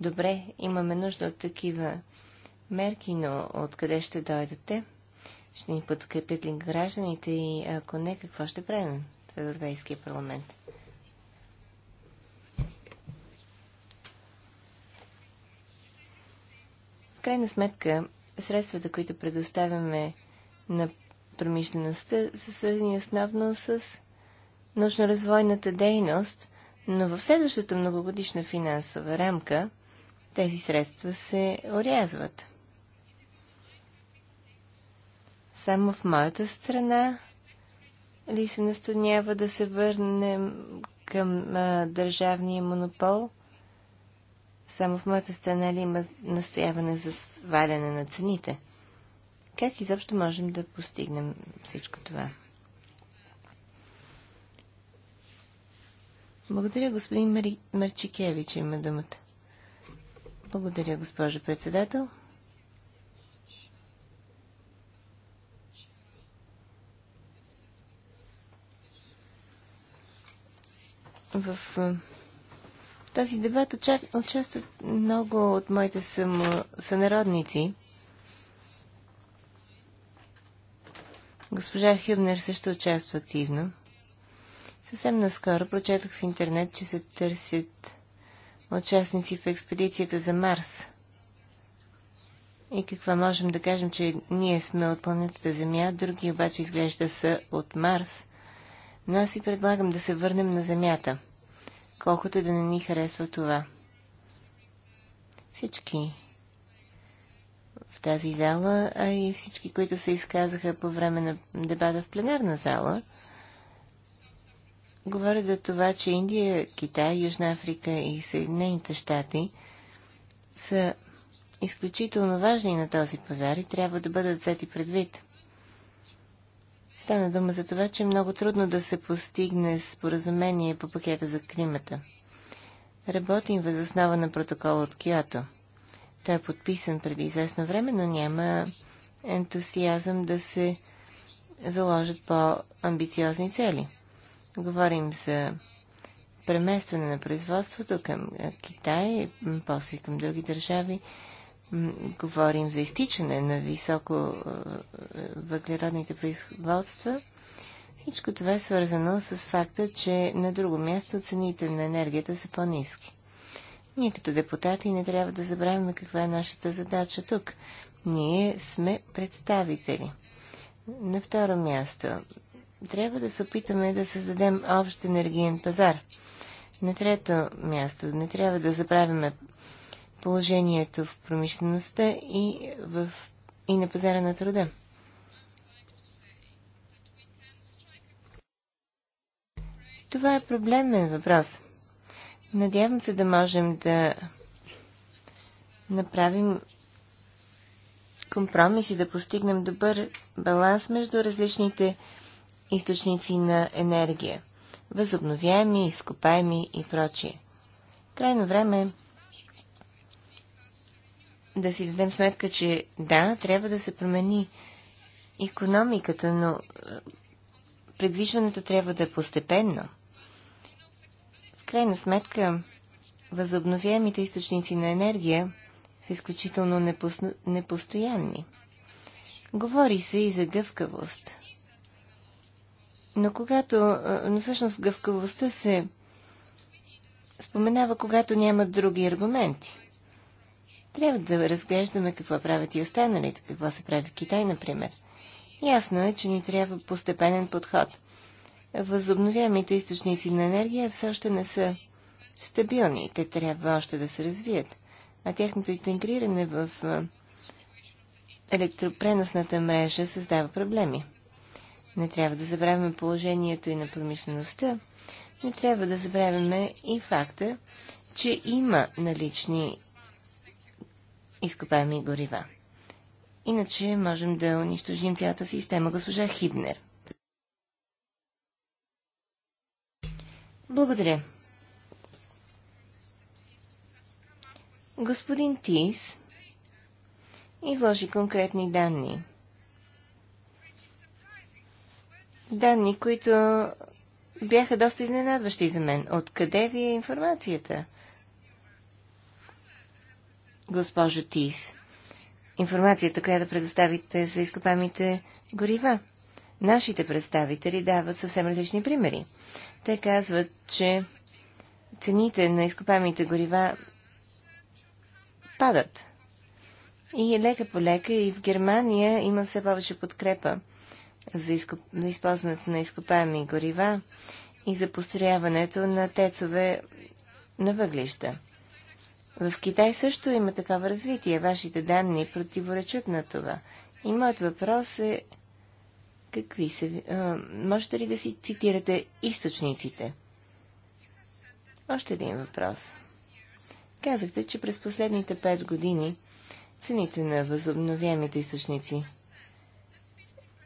Добре, имаме нужда от такива мерки, но откъде ще дойдат те? Ще ни подкрепят ли гражданите и ако не, какво ще правим в Европейския парламент? В крайна сметка, средствата, които предоставяме на промишлеността, са свързани основно с научно-развойната дейност но в следващата многогодишна финансова рамка тези средства се орязват. Само в моята страна ли се настоява да се върнем към а, държавния монопол? Само в моята страна ли има настояване за сваляне на цените? Как изобщо можем да постигнем всичко това? Благодаря, господин Мари... Марчикевич има думата. Благодаря, госпожо председател. В този дебат участват много от моите съм... сънародници. Госпожа Хюбнер също участва активно. Съвсем наскоро прочетох в интернет, че се търсят участници в експедицията за Марс. И каква можем да кажем, че ние сме от планетата Земя, други обаче изглежда са от Марс. Но аз ви предлагам да се върнем на Земята, колкото да не ни харесва това. Всички в тази зала, а и всички, които се изказаха по време на дебата в пленарна зала – говорят за това, че Индия, Китай, Южна Африка и Съединените щати са изключително важни на този пазар и трябва да бъдат взети предвид. Стана дума за това, че е много трудно да се постигне споразумение по пакета за климата. Работим въз основа на протокол от Киото. Той е подписан преди известно време, но няма ентусиазъм да се заложат по-амбициозни цели – Говорим за преместване на производството към Китай, после към други държави. Говорим за изтичане на високо въглеродните производства. Всичко това е свързано с факта, че на друго място цените на енергията са по-низки. Ние като депутати не трябва да забравяме каква е нашата задача тук. Ние сме представители. На второ място, трябва да се опитаме да създадем общ енергиен пазар. На трето място, не трябва да забравяме положението в промишлеността и, в, и на пазара на труда. Това е проблемен въпрос. Надявам се да можем да направим компромис и да постигнем добър баланс между различните източници на енергия. Възобновяеми, изкопаеми и прочие. Крайно време е да си дадем сметка, че да, трябва да се промени економиката, но е, предвижването трябва да е постепенно. В крайна сметка, възобновяемите източници на енергия са изключително непосно... непостоянни. Говори се и за гъвкавост. Но когато, но всъщност гъвкавостта се споменава, когато няма други аргументи. Трябва да разглеждаме какво правят и останалите, какво се прави в Китай, например. Ясно е, че ни трябва постепенен подход. Възобновяемите източници на енергия все още не са стабилни. Те трябва още да се развият. А тяхното интегриране в електропреносната мрежа създава проблеми. Не трябва да забравяме положението и на промишлеността. Не трябва да забравяме и факта, че има налични изкопаеми горива. Иначе можем да унищожим цялата система, госпожа Хибнер. Благодаря. Господин Тис изложи конкретни данни. данни, които бяха доста изненадващи за мен. Откъде ви е информацията? Госпожо Тис, информацията, която предоставите за изкопамите горива. Нашите представители дават съвсем различни примери. Те казват, че цените на изкопамите горива падат. И лека по лека и в Германия има все повече подкрепа за изкуп... на използването на изкопаеми горива и за построяването на тецове на въглища. В Китай също има такова развитие. Вашите данни противоречат на това. И моят въпрос е какви са... А, можете ли да си цитирате източниците? Още един въпрос. Казахте, че през последните пет години цените на възобновяемите източници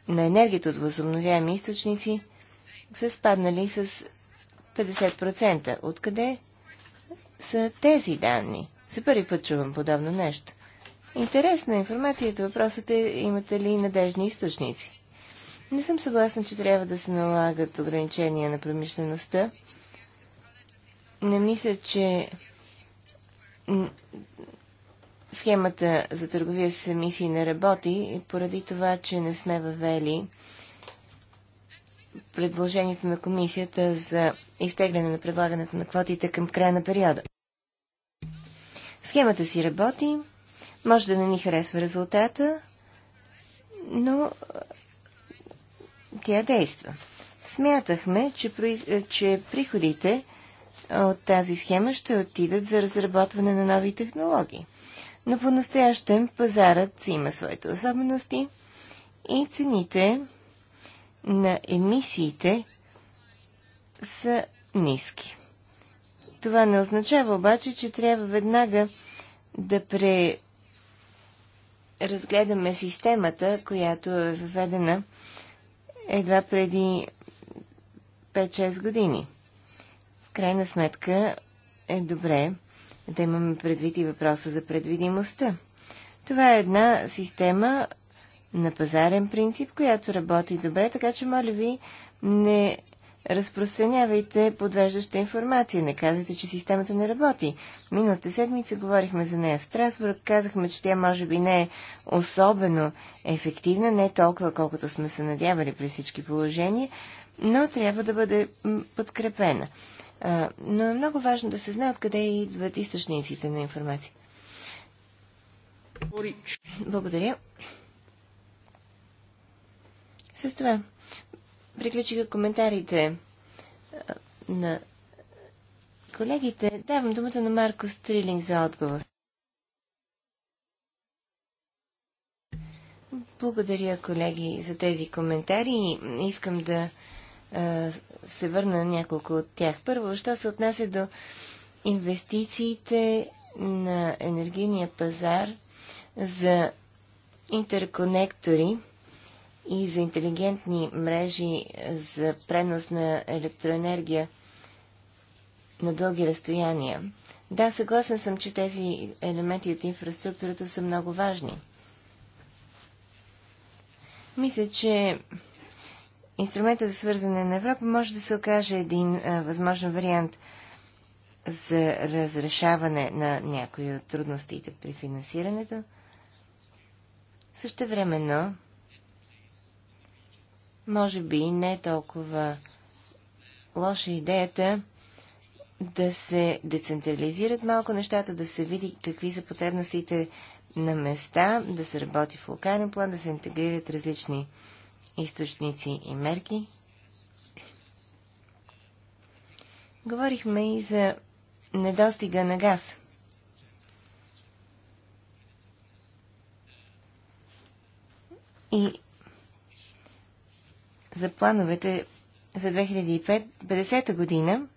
на енергията от възобновяеми източници са спаднали с 50%. Откъде са тези данни? За първи път чувам подобно нещо. Интересна информацията. Въпросът е, имате ли надежни източници? Не съм съгласна, че трябва да се налагат ограничения на промишлеността. Не мисля, че схемата за търговия с емисии не работи, поради това, че не сме въвели предложението на комисията за изтегляне на предлагането на квотите към края на периода. Схемата си работи, може да не ни харесва резултата, но тя действа. Смятахме, че, че приходите от тази схема ще отидат за разработване на нови технологии но по-настоящем пазарът има своите особености и цените на емисиите са ниски. Това не означава обаче, че трябва веднага да пре разгледаме системата, която е въведена едва преди 5-6 години. В крайна сметка е добре да имаме предвид и въпроса за предвидимостта. Това е една система на пазарен принцип, която работи добре, така че, моля ви, не разпространявайте подвеждаща информация. Не казвайте, че системата не работи. Миналата седмица говорихме за нея в Страсбург. Казахме, че тя може би не е особено ефективна, не е толкова, колкото сме се надявали при всички положения, но трябва да бъде подкрепена. Но е много важно да се знае откъде идват източниците на информация. Благодаря. С това приключиха коментарите на колегите. Давам думата на Марко Стрилинг за отговор. Благодаря, колеги, за тези коментари. Искам да а, се върна на няколко от тях. Първо, що се отнася до инвестициите на енергийния пазар за интерконектори и за интелигентни мрежи за пренос на електроенергия на дълги разстояния. Да, съгласен съм, че тези елементи от инфраструктурата са много важни. Мисля, че инструментът за свързане на Европа може да се окаже един а, възможен вариант за разрешаване на някои от трудностите при финансирането. времено, може би не е толкова лоша идеята да се децентрализират малко нещата, да се види какви са потребностите на места, да се работи в локален план, да се интегрират различни източници и мерки. Говорихме и за недостига на газ. И за плановете за 2050 година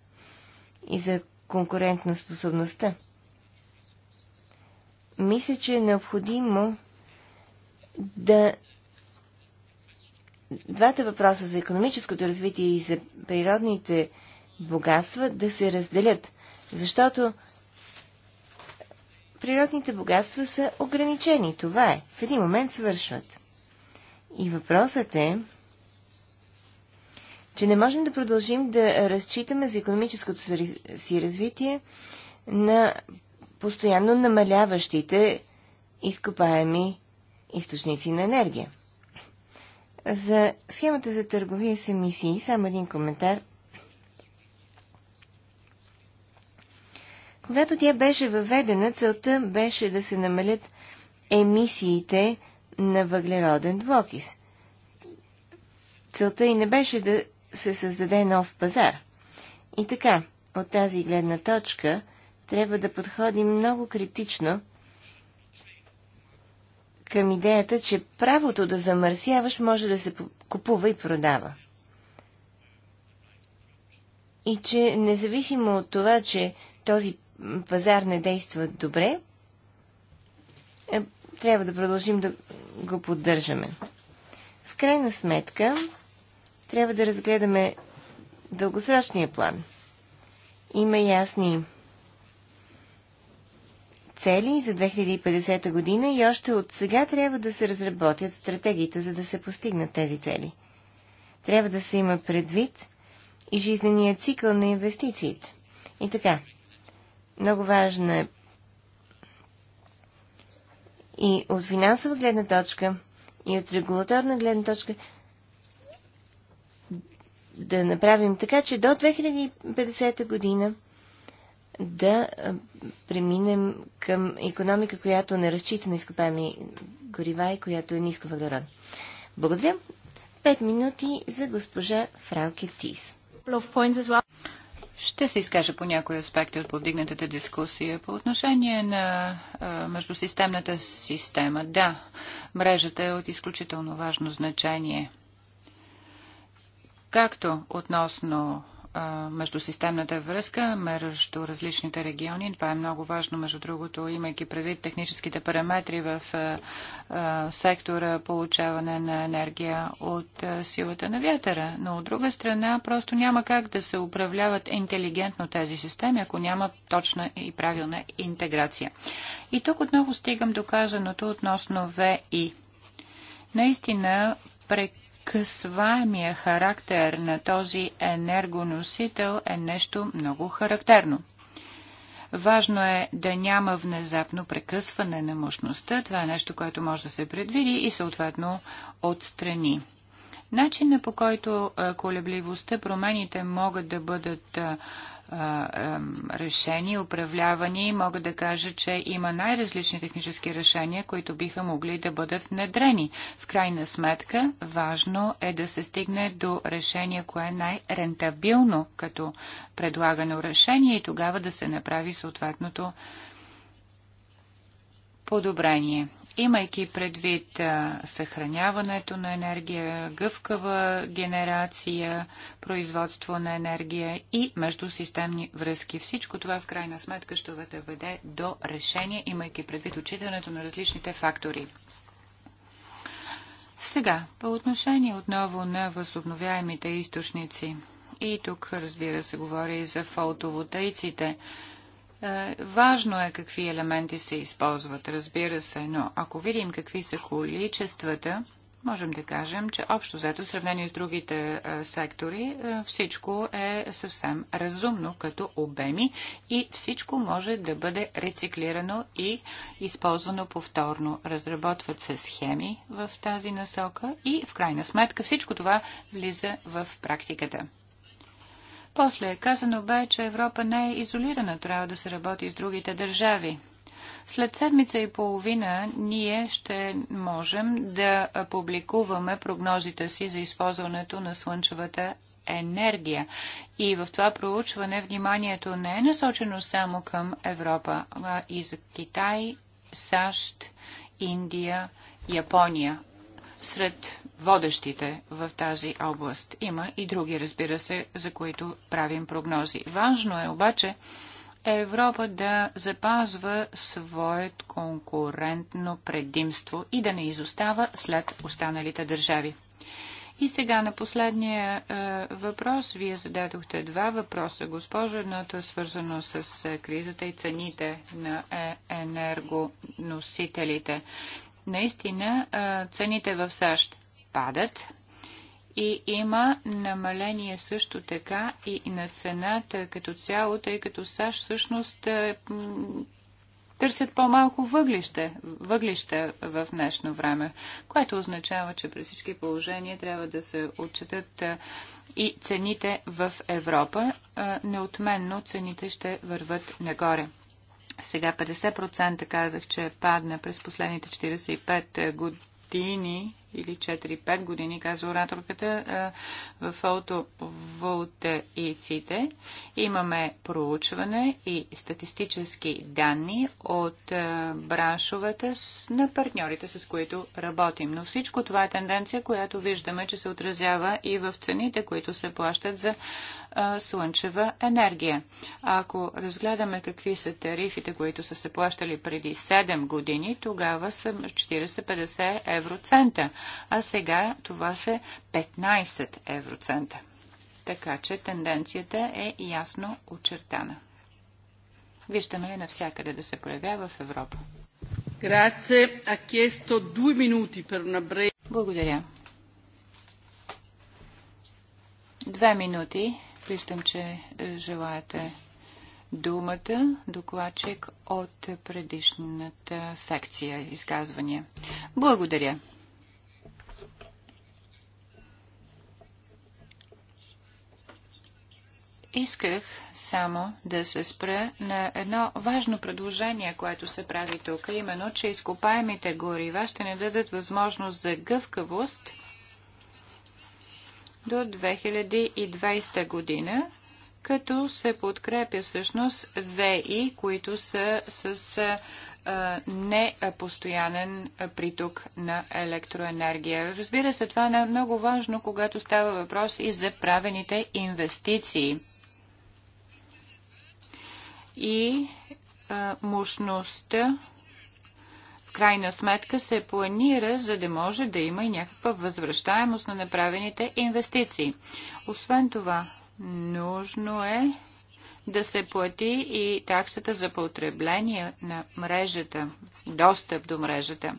и за конкурентна способността. Мисля, че е необходимо да двата въпроса за економическото развитие и за природните богатства да се разделят, защото природните богатства са ограничени. Това е. В един момент свършват. И въпросът е, че не можем да продължим да разчитаме за економическото си развитие на постоянно намаляващите изкопаеми източници на енергия. За схемата за търговия с емисии, само един коментар. Когато тя беше въведена, целта беше да се намалят емисиите на въглероден двокис. Целта и не беше да се създаде нов пазар. И така, от тази гледна точка, трябва да подходим много критично към идеята, че правото да замърсяваш може да се купува и продава. И че независимо от това, че този пазар не действа добре, е, трябва да продължим да го поддържаме. В крайна сметка, трябва да разгледаме дългосрочния план. Има ясни цели за 2050 година и още от сега трябва да се разработят стратегиите, за да се постигнат тези цели. Трябва да се има предвид и жизнения цикъл на инвестициите. И така, много важно е и от финансова гледна точка, и от регулаторна гледна точка да направим така, че до 2050 година да преминем към економика, която не разчита на изкопаеми горива и която е ниска въглерод. Благодаря. Пет минути за госпожа Фралке Тис. Ще се изкажа по някои аспекти от повдигнатата дискусия. По отношение на а, междусистемната система, да, мрежата е от изключително важно значение. Както относно междусистемната връзка между различните региони. Това е много важно, между другото, имайки предвид техническите параметри в сектора получаване на енергия от силата на вятъра. Но от друга страна, просто няма как да се управляват интелигентно тези системи, ако няма точна и правилна интеграция. И тук отново стигам до казаното относно ВИ. Наистина, прекъсването прекъсваемия характер на този енергоносител е нещо много характерно. Важно е да няма внезапно прекъсване на мощността. Това е нещо, което може да се предвиди и съответно отстрани. Начинът по който колебливостта, промените могат да бъдат решени, управлявани, мога да кажа, че има най-различни технически решения, които биха могли да бъдат внедрени. В крайна сметка, важно е да се стигне до решение, кое е най-рентабилно като предлагано решение и тогава да се направи съответното решение подобрение. Имайки предвид съхраняването на енергия, гъвкава генерация, производство на енергия и междусистемни връзки. Всичко това в крайна сметка ще доведе до решение, имайки предвид отчитането на различните фактори. Сега, по отношение отново на възобновяемите източници. И тук, разбира се, говори и за фотоволтаиците. Е, важно е какви елементи се използват, разбира се, но ако видим какви са количествата, можем да кажем, че общо взето, в сравнение с другите е, сектори, е, всичко е съвсем разумно като обеми и всичко може да бъде рециклирано и използвано повторно. Разработват се схеми в тази насока и в крайна сметка всичко това влиза в практиката. После е казано бе, че Европа не е изолирана, трябва да се работи с другите държави. След седмица и половина ние ще можем да публикуваме прогнозите си за използването на слънчевата енергия. И в това проучване вниманието не е насочено само към Европа, а и за Китай, САЩ, Индия, Япония. Сред водещите в тази област. Има и други, разбира се, за които правим прогнози. Важно е обаче Европа да запазва своят конкурентно предимство и да не изостава след останалите държави. И сега на последния е, въпрос. Вие зададохте два въпроса, госпожо. Едното е свързано с е, кризата и цените на е, енергоносителите. Наистина, е, цените в САЩ падат и има намаление също така и на цената като цяло, тъй като САЩ всъщност е, търсят по-малко въглища, въглища в днешно време, което означава, че при всички положения трябва да се отчитат е, и цените в Европа. Е, неотменно цените ще върват нагоре. Сега 50% казах, че падна през последните 45 години или 4-5 години, казва ораторката, в фотоволтаиците. Имаме проучване и статистически данни от браншовете на партньорите, с които работим. Но всичко това е тенденция, която виждаме, че се отразява и в цените, които се плащат за слънчева енергия. Ако разгледаме какви са тарифите, които са се плащали преди 7 години, тогава са 40-50 евроцента а сега това са 15 евроцента. Така че тенденцията е ясно очертана. Виждаме я навсякъде да се проявява в Европа. Благодаря. Две минути. Виждам, че е, желаете думата. Докладчик от предишната секция изказвания. Благодаря. Исках само да се спра на едно важно предложение, което се прави тук, именно, че изкопаемите горива ще не дадат възможност за гъвкавост до 2020 година, като се подкрепя всъщност ВИ, които са с непостоянен приток на електроенергия. Разбира се, това е много важно, когато става въпрос и за правените инвестиции и а, мощността в крайна сметка се планира, за да може да има и някаква възвръщаемост на направените инвестиции. Освен това, нужно е да се плати и таксата за потребление на мрежата, достъп до мрежата.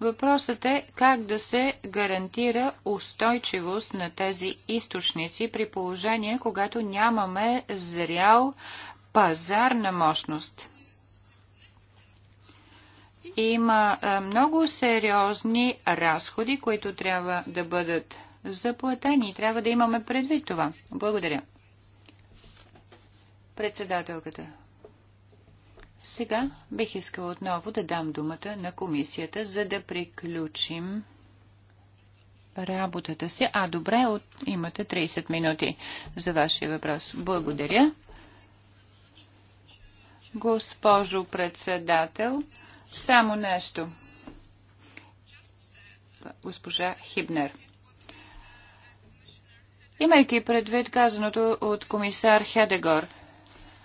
Въпросът е как да се гарантира устойчивост на тези източници при положение, когато нямаме зрял Пазарна мощност. Има много сериозни разходи, които трябва да бъдат заплатени. Трябва да имаме предвид това. Благодаря. Председателката. Сега бих искал отново да дам думата на комисията, за да приключим работата си. А, добре, от... имате 30 минути за вашия въпрос. Благодаря. Госпожо председател, само нещо. Госпожа Хибнер. Имайки предвид казаното от комисар Хедегор,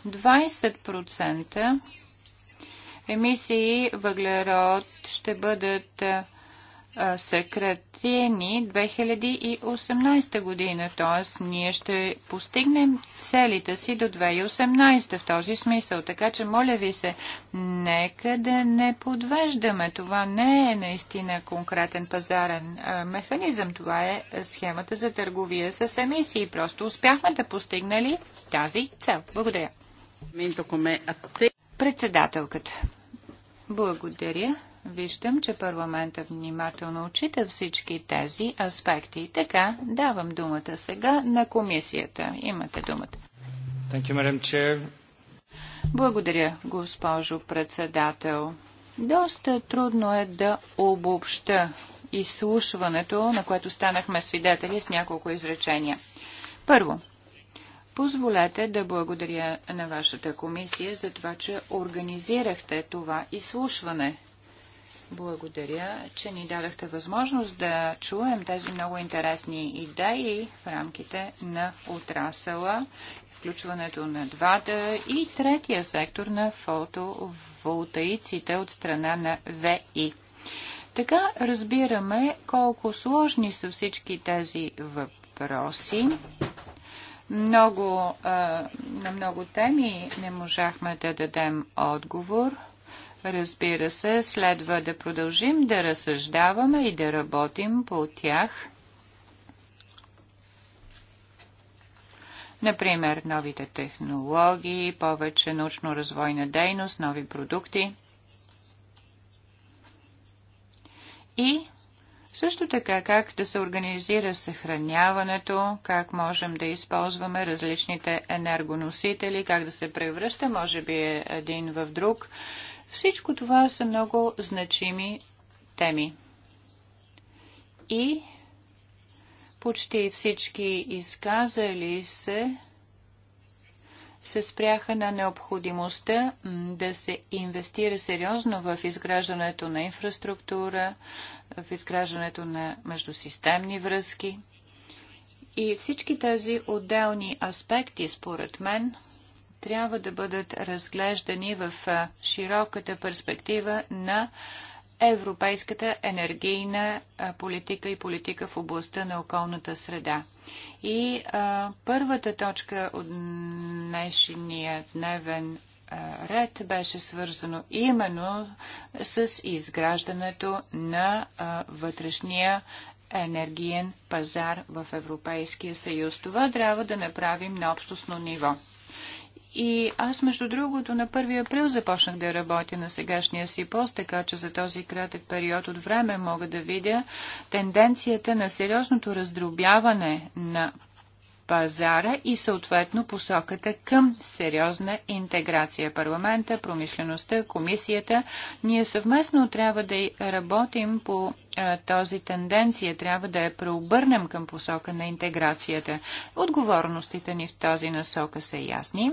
20% емисии въглерод ще бъдат съкратени 2018 година, т.е. ние ще постигнем целите си до 2018 в този смисъл. Така че, моля ви се, нека да не подвеждаме. Това не е наистина конкретен пазарен механизъм. Това е схемата за търговия с емисии. Просто успяхме да постигнали тази цел. Благодаря. Председателката. Благодаря. Виждам, че парламента внимателно отчита всички тези аспекти. Така, давам думата сега на комисията. Имате думата. You, Благодаря, госпожо председател. Доста трудно е да обобща изслушването, на което станахме свидетели с няколко изречения. Първо, Позволете да благодаря на вашата комисия за това, че организирахте това изслушване. Благодаря, че ни дадахте възможност да чуем тези много интересни идеи в рамките на отрасъла, включването на двата и третия сектор на фотоволтаиците от страна на ВИ. Така разбираме колко сложни са всички тези въпроси. Много, на много теми не можахме да дадем отговор – разбира се, следва да продължим да разсъждаваме и да работим по тях. Например, новите технологии, повече научно-развойна дейност, нови продукти. И също така как да се организира съхраняването, как можем да използваме различните енергоносители, как да се превръща, може би, един в друг всичко това са много значими теми. И почти всички изказали се се спряха на необходимостта да се инвестира сериозно в изграждането на инфраструктура, в изграждането на междусистемни връзки. И всички тези отделни аспекти, според мен, трябва да бъдат разглеждани в широката перспектива на европейската енергийна политика и политика в областта на околната среда. И а, първата точка от днешния дневен а, ред беше свързано именно с изграждането на а, вътрешния енергиен пазар в Европейския съюз. Това трябва да направим на общностно ниво. И аз, между другото, на 1 април започнах да работя на сегашния си пост, така че за този кратък период от време мога да видя тенденцията на сериозното раздробяване на пазара и съответно посоката към сериозна интеграция. Парламента, промишлеността, комисията. Ние съвместно трябва да работим по а, този тенденция. Трябва да я преобърнем към посока на интеграцията. Отговорностите ни в тази насока са ясни.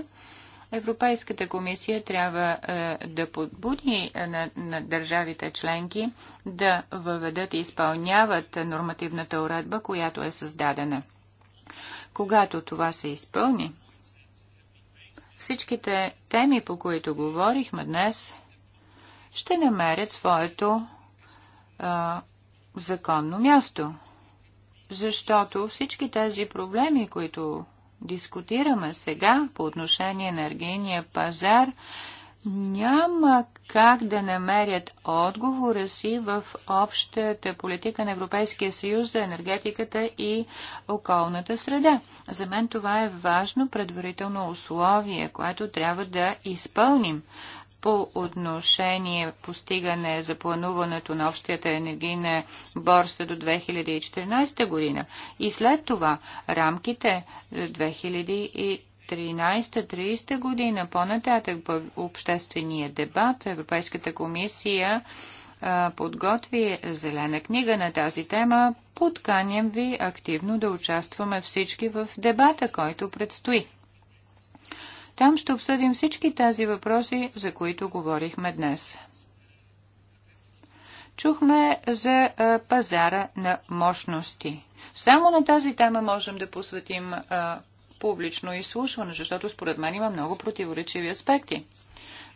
Европейската комисия трябва е, да подбуди е, на, на държавите членки да въведат и изпълняват нормативната уредба, която е създадена. Когато това се изпълни, всичките теми, по които говорихме днес, ще намерят своето е, законно място. Защото всички тези проблеми, които дискутираме сега по отношение на енергийния пазар, няма как да намерят отговора си в общата политика на Европейския съюз за енергетиката и околната среда. За мен това е важно предварително условие, което трябва да изпълним, по отношение постигане за плануването на общията енергийна борса до 2014 година и след това рамките за 2013 30 година по-нататък по обществения дебат Европейската комисия а, подготви зелена книга на тази тема. Подканям ви активно да участваме всички в дебата, който предстои. Там ще обсъдим всички тези въпроси, за които говорихме днес. Чухме за а, пазара на мощности. Само на тази тема можем да посветим а, публично изслушване, защото според мен има много противоречиви аспекти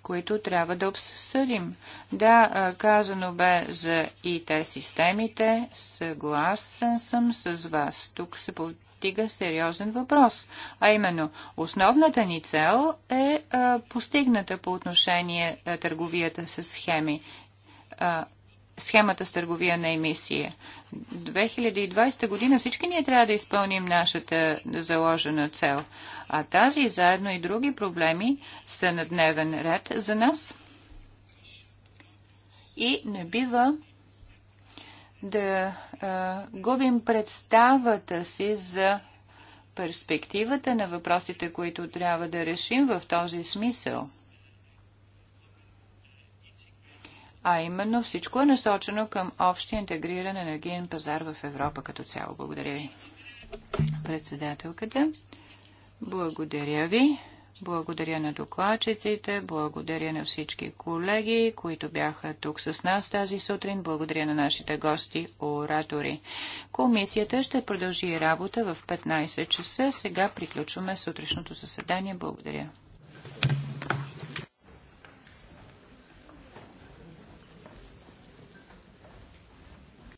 които трябва да обсъдим. Да, казано бе за ИТ системите, съгласен съм с вас. Тук се повдига сериозен въпрос. А именно, основната ни цел е а, постигната по отношение а, търговията с схеми. А, схемата с търговия на емисия. 2020 година всички ние трябва да изпълним нашата заложена цел. А тази, заедно и други проблеми, са на дневен ред за нас. И не бива да а, губим представата си за перспективата на въпросите, които трябва да решим в този смисъл. А именно всичко е насочено към общия интегриран енергиен пазар в Европа като цяло. Благодаря ви. Председателката, благодаря ви. Благодаря на докладчиците, благодаря на всички колеги, които бяха тук с нас тази сутрин, благодаря на нашите гости, оратори. Комисията ще продължи работа в 15 часа. Сега приключваме сутрешното заседание. Благодаря.